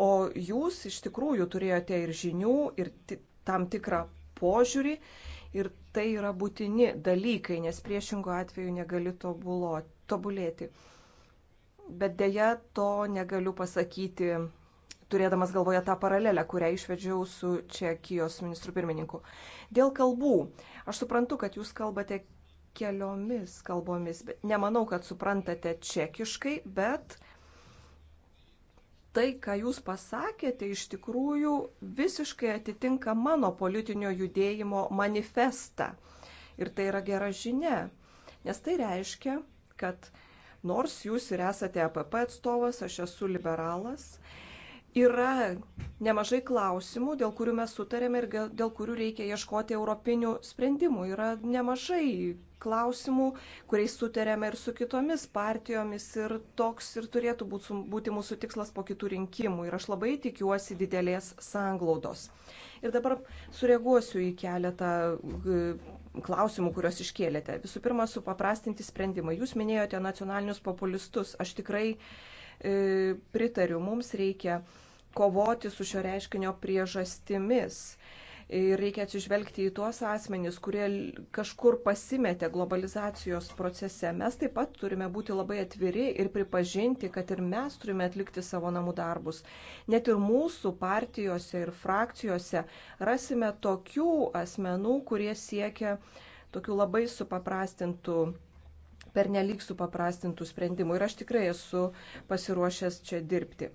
Speaker 4: O jūs iš tikrųjų turėjote ir žinių, ir tam tikrą požiūrį, ir tai yra būtini dalykai, nes priešingo atveju negali tobulo, tobulėti. Bet dėja to negaliu pasakyti turėdamas galvoje tą paralelę, kurią išvedžiau su Čekijos ministru pirmininku. Dėl kalbų. Aš suprantu, kad jūs kalbate keliomis kalbomis. Nemanau, kad suprantate čekiškai, bet tai, ką jūs pasakėte, iš tikrųjų visiškai atitinka mano politinio judėjimo manifestą. Ir tai yra gera žinia, nes tai reiškia, kad nors jūs ir esate APP atstovas, aš esu liberalas, yra nemažai klausimų, dėl kurių mes sutarėme ir dėl kurių reikia ieškoti europinių sprendimų. Yra nemažai klausimų, kuriais sutarėme ir su kitomis partijomis ir toks ir turėtų būti mūsų tikslas po kitų rinkimų. Ir aš labai tikiuosi didelės sanglaudos. Ir dabar sureaguosiu į keletą klausimų, kuriuos iškėlėte. Visų pirma, supaprastinti sprendimą. Jūs minėjote nacionalinius populistus. Aš tikrai e, pritariu, mums reikia e, kovoti su šio reiškinio priežastimis. Ir reikia atsižvelgti į tuos asmenys, kurie kažkur pasimetė globalizacijos procese. Mes taip pat turime būti labai atviri ir pripažinti, kad ir mes turime atlikti savo namų darbus. Net ir mūsų partijose ir frakcijose rasime tokių asmenų, kurie siekia tokių labai supaprastintų pernelyg supaprastintų sprendimų. Ir aš tikrai esu pasiruošęs čia dirbti.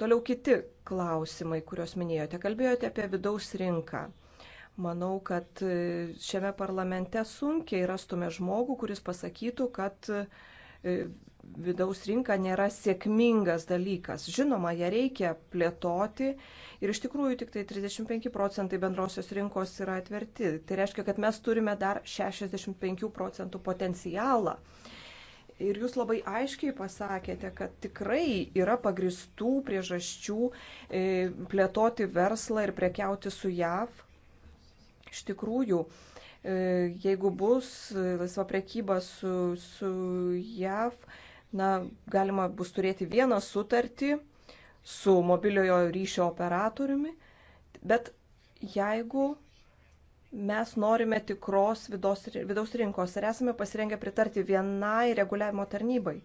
Speaker 4: Toliau kiti klausimai, kuriuos minėjote. Kalbėjote apie vidaus rinką. Manau, kad šiame parlamente sunkiai rastume žmogų, kuris pasakytų, kad e, vidaus rinka nėra sėkmingas dalykas. Žinoma, ją reikia plėtoti ir iš tikrųjų tik tai 35 procentai bendrosios rinkos yra atverti. Tai reiškia, kad mes turime dar 65 procentų potencialą. Ir jūs labai aiškiai pasakėte, kad tikrai yra pagristų priežasčių e, plėtoti verslą ir prekiauti su JAV. Iš tikrųjų, e, jeigu bus e, laisva prekyba su, su JAV, na, galima bus turėti vieną sutartį su mobiliojo ryšio operatoriumi, bet jeigu Mes norime tikros vidaus, vidaus rinkos ir esame pasirengę pritarti vienai reguliavimo tarnybai.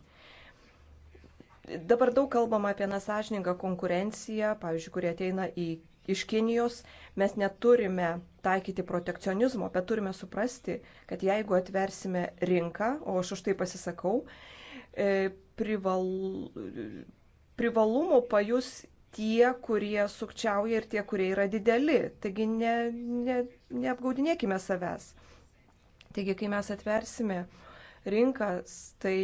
Speaker 4: Dabar daug kalbama apie nesažiningą konkurenciją, pavyzdžiui, kurie ateina į, iš Kinijos. Mes neturime taikyti protekcionizmo, bet turime suprasti, kad jeigu atversime rinką, o aš už tai pasisakau, e, prival, privalumų pajus tie, kurie sukčiauja ir tie, kurie yra dideli. Taigi ne, ne, neapgaudinėkime savęs. Taigi, kai mes atversime rinkas, tai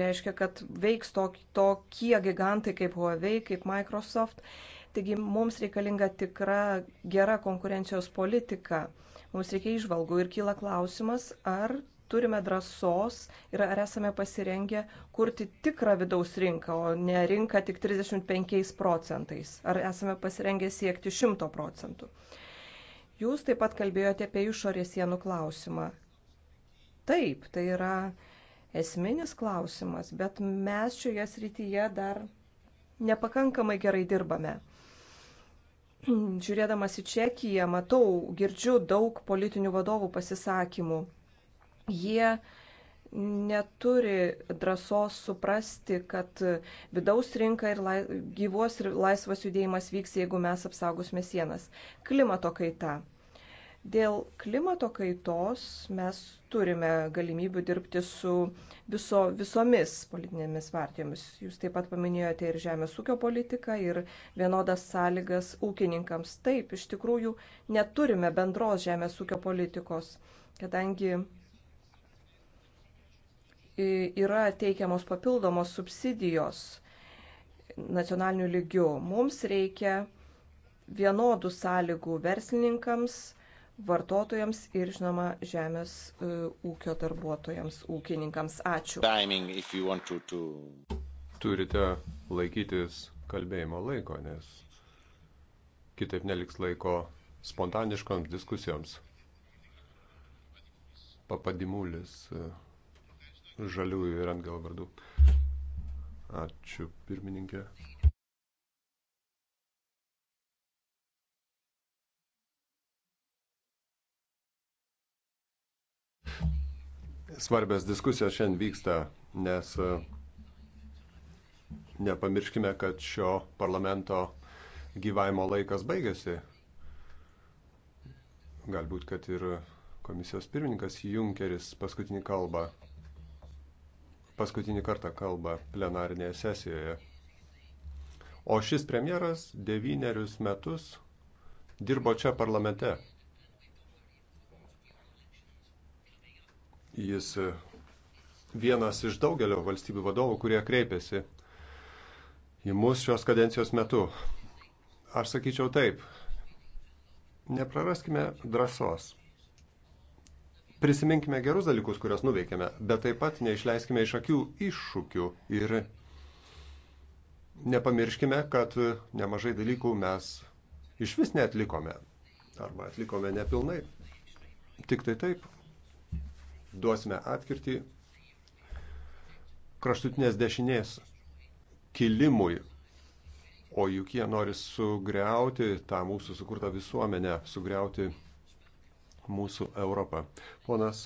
Speaker 4: reiškia, kad veiks tokie, tokie gigantai kaip Huawei, kaip Microsoft. Taigi mums reikalinga tikra gera konkurencijos politika. Mums reikia išvalgų ir kyla klausimas, ar turime drąsos ir ar esame pasirengę kurti tikrą vidaus rinką, o ne rinką tik 35 procentais. Ar esame pasirengę siekti 100 procentų. Jūs taip pat kalbėjote apie išorės sienų klausimą. Taip, tai yra esminis klausimas, bet mes šioje srityje dar nepakankamai gerai dirbame. Žiūrėdamas į Čekiją, matau, girdžiu daug politinių vadovų pasisakymų. Jie neturi drąsos suprasti, kad vidaus rinka ir lai, gyvos ir laisvas judėjimas vyks, jeigu mes apsaugosime sienas. Klimato kaita. Dėl klimato kaitos mes turime galimybių dirbti su viso, visomis politinėmis partijomis. Jūs taip pat paminėjote ir žemės ūkio politiką, ir vienodas sąlygas ūkininkams. Taip, iš tikrųjų neturime bendros žemės ūkio politikos, kadangi yra teikiamos papildomos subsidijos nacionaliniu lygiu. Mums reikia vienodų sąlygų verslininkams, vartotojams ir, žinoma, žemės e, ūkio darbuotojams, ūkininkams. Ačiū.
Speaker 6: Timing, to, to... Turite laikytis kalbėjimo laiko, nes kitaip neliks laiko spontaniškoms diskusijoms. Papadimulis. Uh žaliųjų ir atgal vardu. Ačiū pirmininkė. Svarbios diskusijos šiandien vyksta, nes e, nepamirškime, kad šio parlamento gyvavimo laikas baigėsi. Galbūt, kad ir komisijos pirmininkas Junkeris paskutinį kalbą paskutinį kartą kalba plenarinėje sesijoje. O šis premjeras devynerius metus dirbo čia parlamente. Jis vienas iš daugelio valstybių vadovų, kurie kreipėsi į mus šios kadencijos metu. Aš sakyčiau taip, nepraraskime drąsos. Prisiminkime gerus dalykus, kuriuos nuveikėme, bet taip pat neišleiskime iš akių iššūkių ir nepamirškime, kad nemažai dalykų mes iš vis neatlikome arba atlikome nepilnai. Tik tai taip duosime atkirtį kraštutinės dešinės kilimui, o juk jie nori sugriauti tą mūsų sukurtą visuomenę, sugriauti mūsų Europą. Ponas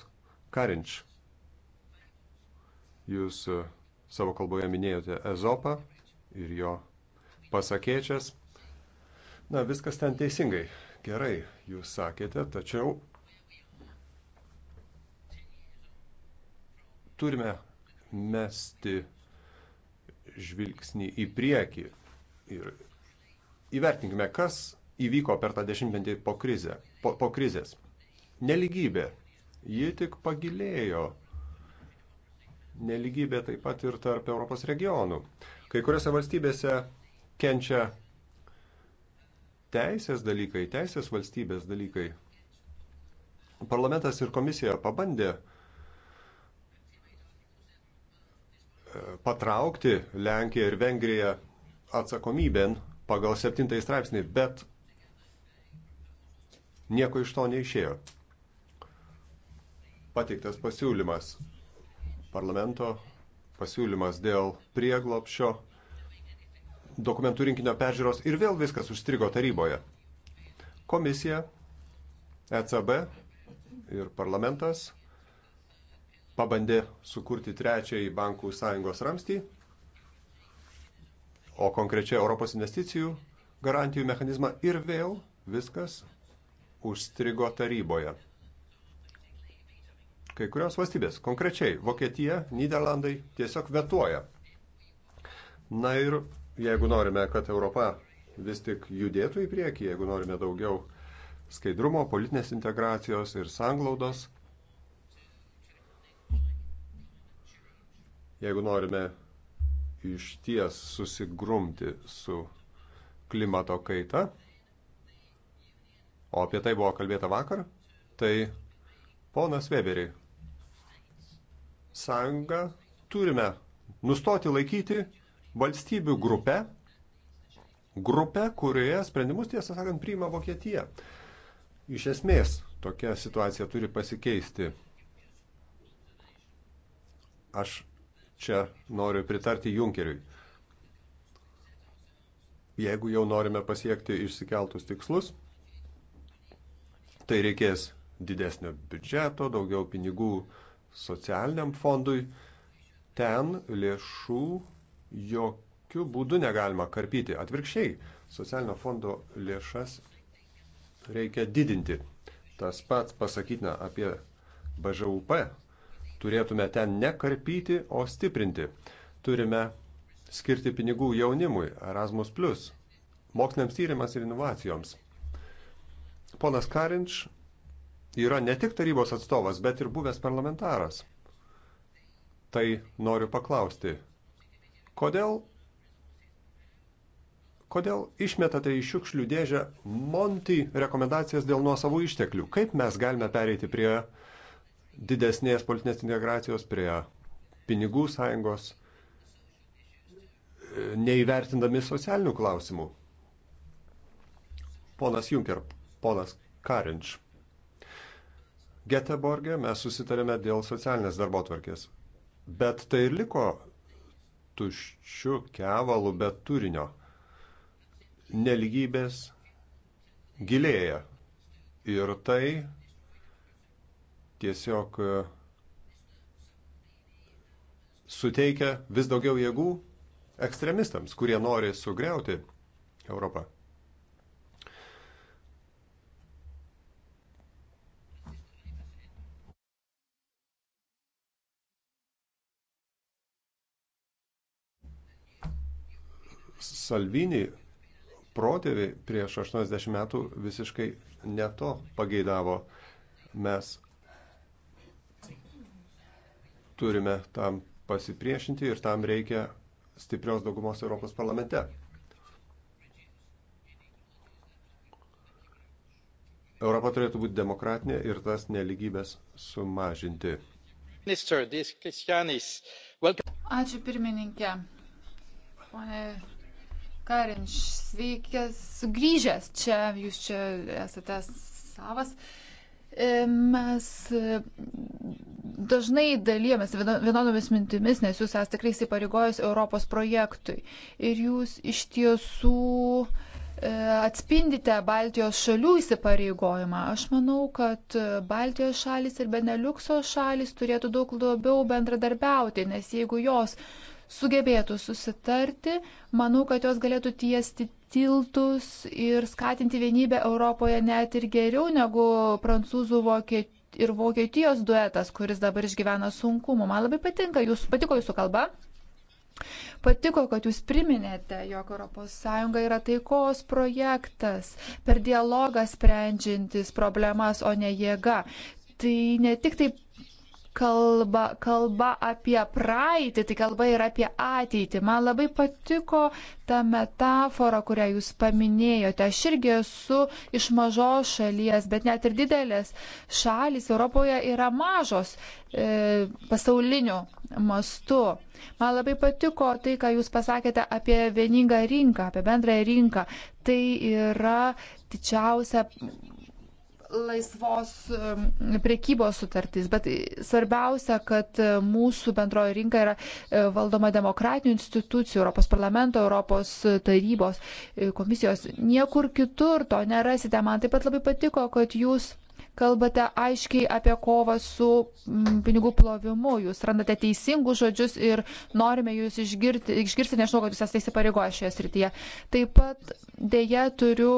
Speaker 6: Karinč, jūs e, savo kalboje minėjote Ezopą ir jo pasakėčias. Na, viskas ten teisingai. Gerai, jūs sakėte, tačiau turime mesti žvilgsnį į priekį ir įvertinkime, kas įvyko per tą dešimtmetį po, krizę, po, po krizės neligybė. Ji tik pagilėjo. Neligybė taip pat ir tarp Europos regionų. Kai kuriuose valstybėse kenčia teisės dalykai, teisės valstybės dalykai. Parlamentas ir komisija pabandė e, patraukti Lenkiją ir Vengriją atsakomybėn pagal 7 straipsnį, bet nieko iš to neišėjo pateiktas pasiūlymas. Parlamento pasiūlymas dėl prieglopšio dokumentų rinkinio peržiūros ir vėl viskas užstrigo taryboje. Komisija, ECB ir parlamentas pabandė sukurti trečiąjį bankų sąjungos ramstį, o konkrečiai Europos investicijų garantijų mechanizmą ir vėl viskas užstrigo taryboje. Kai kurios valstybės, konkrečiai Vokietija, Niderlandai, tiesiog vetuoja. Na ir jeigu norime, kad Europa vis tik judėtų į priekį, jeigu norime daugiau skaidrumo, politinės integracijos ir sanglaudos, jeigu norime iš ties susigrumti su klimato kaita, o apie tai buvo kalbėta vakar, tai ponas Weberiai, sąjungą turime nustoti laikyti valstybių grupę, grupę, kurioje sprendimus, tiesą sakant, priima Vokietija. Iš esmės tokia situacija turi pasikeisti. Aš čia noriu pritarti Junkeriui. Jeigu jau norime pasiekti išsikeltus tikslus, tai reikės didesnio biudžeto, daugiau pinigų socialiniam fondui, ten lėšų jokių būdų negalima karpyti. Atvirkščiai, socialinio fondo lėšas reikia didinti. Tas pats pasakytina apie BŽUP. Turėtume ten nekarpyti, o stiprinti. Turime skirti pinigų jaunimui, Erasmus, moksliniams tyrimams ir inovacijoms. Ponas Karinč yra ne tik tarybos atstovas, bet ir buvęs parlamentaras. Tai noriu paklausti, kodėl, kodėl išmetate į šiukšlių dėžę Monti rekomendacijas dėl nuosavų išteklių? Kaip mes galime pereiti prie didesnės politinės integracijos, prie pinigų sąjungos, neįvertindami socialinių klausimų? Ponas Junker, ponas Karinč. Geteborgė mes susitarėme dėl socialinės darbo tvarkės. Bet tai ir liko tuščių kevalų be turinio. Neligybės gilėja. Ir tai tiesiog e, suteikia vis daugiau jėgų ekstremistams, kurie nori sugriauti Europą. Salvini protėviai prieš 80 metų visiškai ne to pageidavo. Mes turime tam pasipriešinti ir tam reikia stiprios daugumos Europos parlamente. Europa turėtų būti demokratinė ir tas neligybės sumažinti.
Speaker 5: Ačiū pirmininkė. Pone Karinš, sveikas sugrįžęs čia, jūs čia esate savas. E, mes e, dažnai dalyjomės vienodomis mintimis, nes jūs esate tikrai įsipareigojęs Europos projektui. Ir jūs iš tiesų e, atspindite Baltijos šalių įsipareigojimą. Aš manau, kad Baltijos šalis ir Beneliukso šalis turėtų daug labiau bendradarbiauti, nes jeigu jos sugebėtų susitarti, manau, kad jos galėtų tiesti tiltus ir skatinti vienybę Europoje net ir geriau negu prancūzų vokiet, ir vokietijos duetas, kuris dabar išgyvena sunkumų. Man labai patinka, jūs, patiko jūsų kalba. Patiko, kad jūs priminėte, jog ES yra taikos projektas, per dialogą sprendžiantis problemas, o ne jėga. Tai ne tik taip kalba, kalba apie praeitį, tai kalba ir apie ateitį. Man labai patiko ta metafora, kurią jūs paminėjote. Aš irgi esu iš mažos šalies, bet net ir didelės šalis Europoje yra mažos e, pasauliniu mastu. Man labai patiko tai, ką jūs pasakėte apie vieningą rinką, apie bendrąją rinką. Tai yra didžiausia laisvos priekybos sutartys, bet svarbiausia, kad e, mūsų bendroji rinka yra e, valdoma demokratinių institucijų, Europos parlamento, Europos tarybos, e, komisijos. Niekur kitur to nerasite. Man taip pat labai patiko, kad jūs kalbate aiškiai apie kovą su pinigų plovimu, jūs randate teisingus žodžius ir norime jūs išgirti, išgirsti, nežinau, kad jūs esate įsipareigoję šioje srityje. Taip pat dėja turiu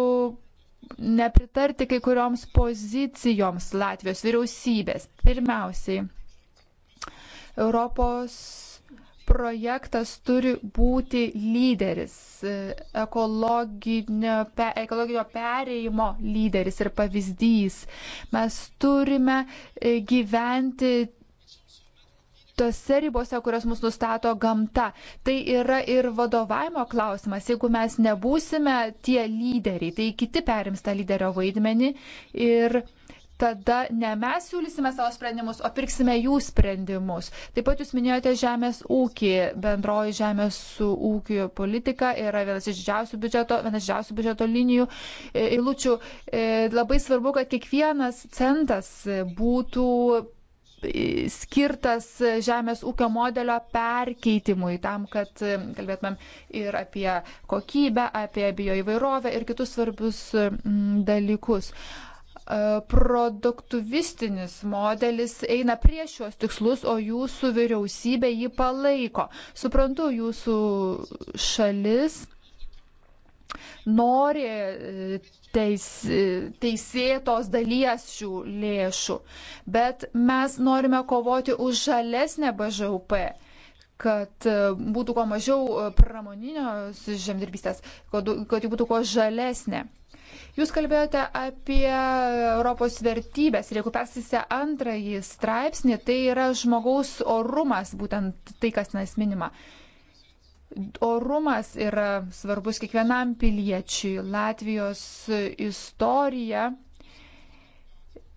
Speaker 5: nepritarti kai kurioms pozicijoms Latvijos vyriausybės. Pirmiausiai, Europos projektas turi būti lyderis, ekologinio, pe, ekologinio pereimo lyderis ir pavyzdys. Mes turime e, gyventi tose ribose, kurios mus nustato gamta. Tai yra ir vadovavimo klausimas. Jeigu mes nebūsime tie lyderiai, tai kiti perims tą lyderio vaidmenį ir tada ne mes siūlysime savo sprendimus, o pirksime jų sprendimus. Taip pat jūs minėjote žemės ūkį. Bendroji žemės ūkio politika yra vienas iš didžiausių biudžeto, vienas didžiausių biudžeto linijų e, eilučių. E, labai svarbu, kad kiekvienas centas būtų skirtas žemės ūkio modelio perkeitimui, tam, kad e, kalbėtumėm ir apie kokybę, apie bioįvairovę ir kitus svarbius dalykus e, produktivistinis modelis eina prieš šios tikslus, o jūsų vyriausybė jį palaiko. Suprantu, jūsų šalis nori e, teis, teisėtos dalies šių lėšų, bet mes norime kovoti už žalesnę BŽUP kad e, būtų kuo mažiau e, pramoninio žemdirbystės, kad ji būtų kuo žalesnė. Jūs kalbėjote apie Europos vertybės ir jeigu persisite antrąjį straipsnį, tai yra žmogaus orumas, būtent tai, kas nesminima. minima. Orumas yra svarbus kiekvienam piliečiui. Latvijos istorija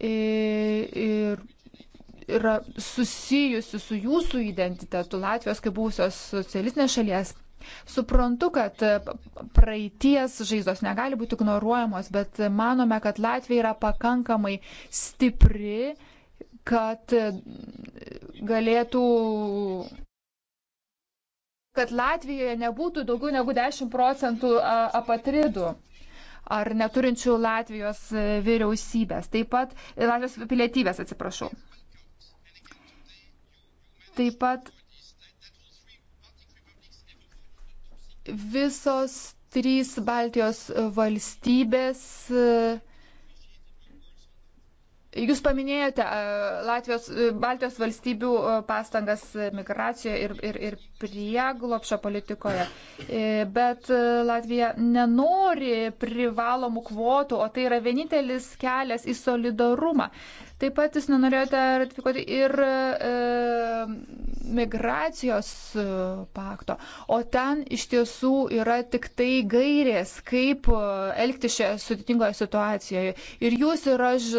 Speaker 5: ir yra susijusi su jūsų identitetu Latvijos kaip būsios socialistinės šalies. Suprantu, kad praeities žaizdos negali būti ignoruojamos, bet manome, kad Latvija yra pakankamai stipri, kad galėtų kad Latvijoje nebūtų daugiau negu 10 procentų apatridų ar neturinčių Latvijos e, vyriausybės, taip pat e, Latvijos pilietybės, atsiprašau. Taip pat visos trys Baltijos valstybės e, Jūs paminėjote e, Latvijos, e, Baltijos valstybių e, pastangas migracijoje ir, ir, ir prieglopšio politikoje, bet Latvija nenori privalomų kvotų, o tai yra vienintelis kelias į solidarumą. Taip pat jūs nenorėjote ratifikuoti ir e, migracijos e, pakto, o ten iš tiesų yra tik tai gairės, kaip e, elgti šioje sudėtingoje situacijoje. Ir jūs ir aš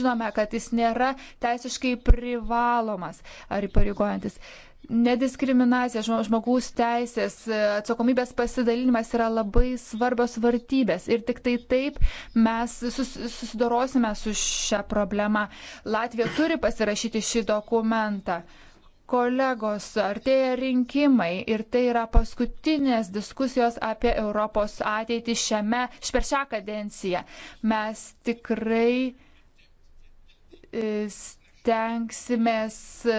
Speaker 5: žinome, kad jis nėra teisiškai privalomas ar įpareigojantis. E, nediskriminacija, žmogaus teisės, atsakomybės pasidalinimas yra labai svarbios vartybės. Ir tik tai taip mes susidorosime su šią problemą. Latvija turi pasirašyti šį dokumentą. Kolegos, artėja rinkimai ir tai yra paskutinės diskusijos apie Europos ateitį šiame, per šią kadenciją. Mes tikrai e, tenksimės e,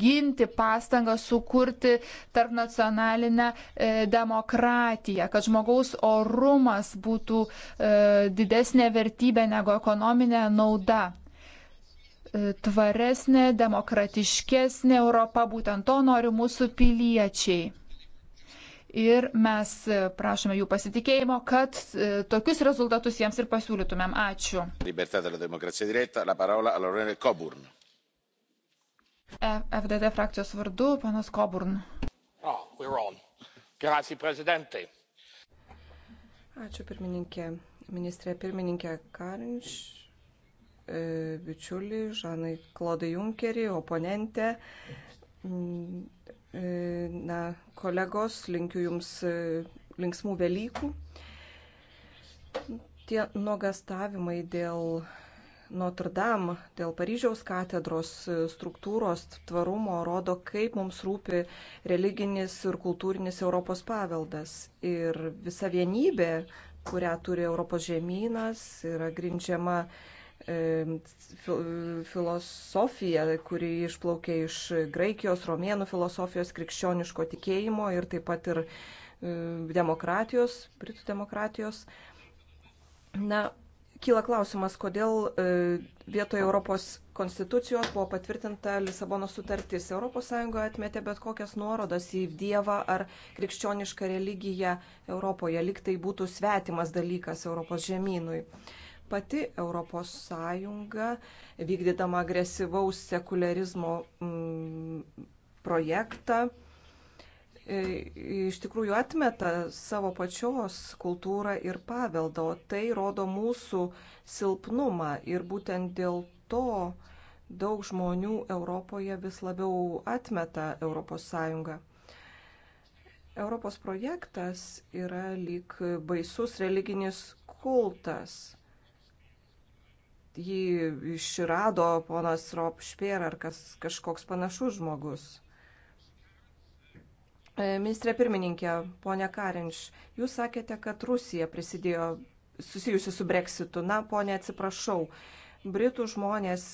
Speaker 5: ginti pastangą sukurti tarp nacionalinę e, demokratiją, kad žmogaus orumas būtų e, didesnė vertybė negu ekonominė nauda. Tvaresnė, demokratiškesnė Europa, būtent to nori mūsų piliečiai. Ir mes prašome jų pasitikėjimo, kad tokius rezultatus jiems ir pasiūlytumėm. Ačiū. E,
Speaker 4: FDD frakcijos vardu, panas Koburn.
Speaker 1: Oh, Grazie, prezidentė.
Speaker 4: Ačiū pirmininkė, ministrė pirmininkė Karinš, e, bičiulį, Žanai Klodai Junkerį, oponentę. Mm, e, na, kolegos, linkiu Jums linksmų Velykų. Tie nuogastavimai dėl Notre Dame dėl Paryžiaus katedros struktūros tvarumo rodo, kaip mums rūpi religinis ir kultūrinis Europos paveldas. Ir visa vienybė, kurią turi Europos žemynas, yra grindžiama e, filosofija, kuri išplaukė iš Graikijos, Romėnų filosofijos, krikščioniško tikėjimo ir taip pat ir e, demokratijos, Britų demokratijos. Na, kyla klausimas, kodėl e, vietoje Europos konstitucijos buvo patvirtinta Lisabono sutartis. ES atmetė bet kokias nuorodas į Dievą ar krikščionišką religiją Europoje, lyg tai būtų svetimas dalykas Europos žemynui. Pati ES, vykdydama agresyvaus sekularizmo mm, projektą, E, iš tikrųjų atmeta savo pačios kultūrą ir paveldą, o tai rodo mūsų silpnumą ir būtent dėl to daug žmonių Europoje vis labiau atmeta ES. Europos projektas yra lyg baisus religinis kultas. Jį išrado ponas Ropšpėr ar kas, kažkoks panašus žmogus. E, ministrė pirmininkė, ponė Karinš, jūs sakėte, kad Rusija prisidėjo susijusi su breksitu. Na, ponė, atsiprašau. Britų žmonės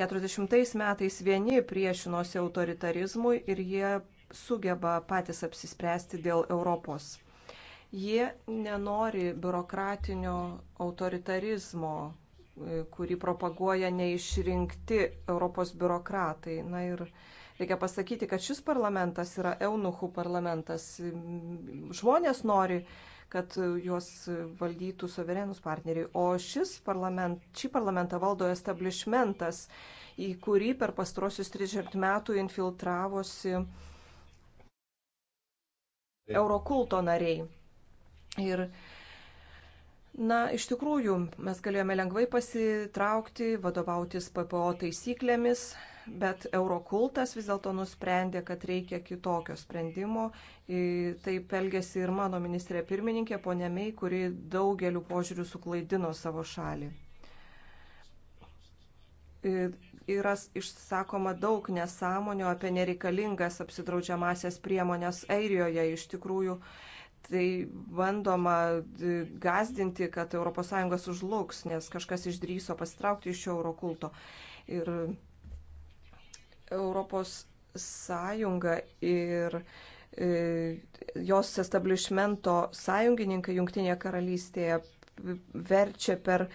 Speaker 4: 40 e, metais vieni priešinosi autoritarizmui ir jie sugeba patys apsispręsti dėl Europos. Jie nenori biurokratinio autoritarizmo, e, kurį propaguoja neišrinkti Europos biurokratai. Na ir Reikia pasakyti, kad šis parlamentas yra eunuchų parlamentas. Žmonės nori, kad juos valdytų suverenus partneriai. O šis parlament, šį parlamentą valdo establishmentas, į kurį per pastarosius 30 metų infiltravosi Eurokulto nariai. Ir Na, iš tikrųjų, mes galėjome lengvai pasitraukti, vadovautis PPO taisyklėmis, bet Eurokultas vis dėlto nusprendė, kad reikia kitokio sprendimo. Taip elgėsi ir mano ministrė pirmininkė ponė Mei, kuri daugeliu požiūrių suklaidino savo šalį. Yra išsakoma daug nesąmonių apie nereikalingas apsidraudžiamasias priemonės Airijoje. Iš tikrųjų, tai bandoma gazdinti, kad ES užlūks, nes kažkas išdryso pasitraukti iš šio eurokulto. Ir Europos Sąjunga ir e, jos establishmento sąjungininkai Junktinėje karalystėje verčia per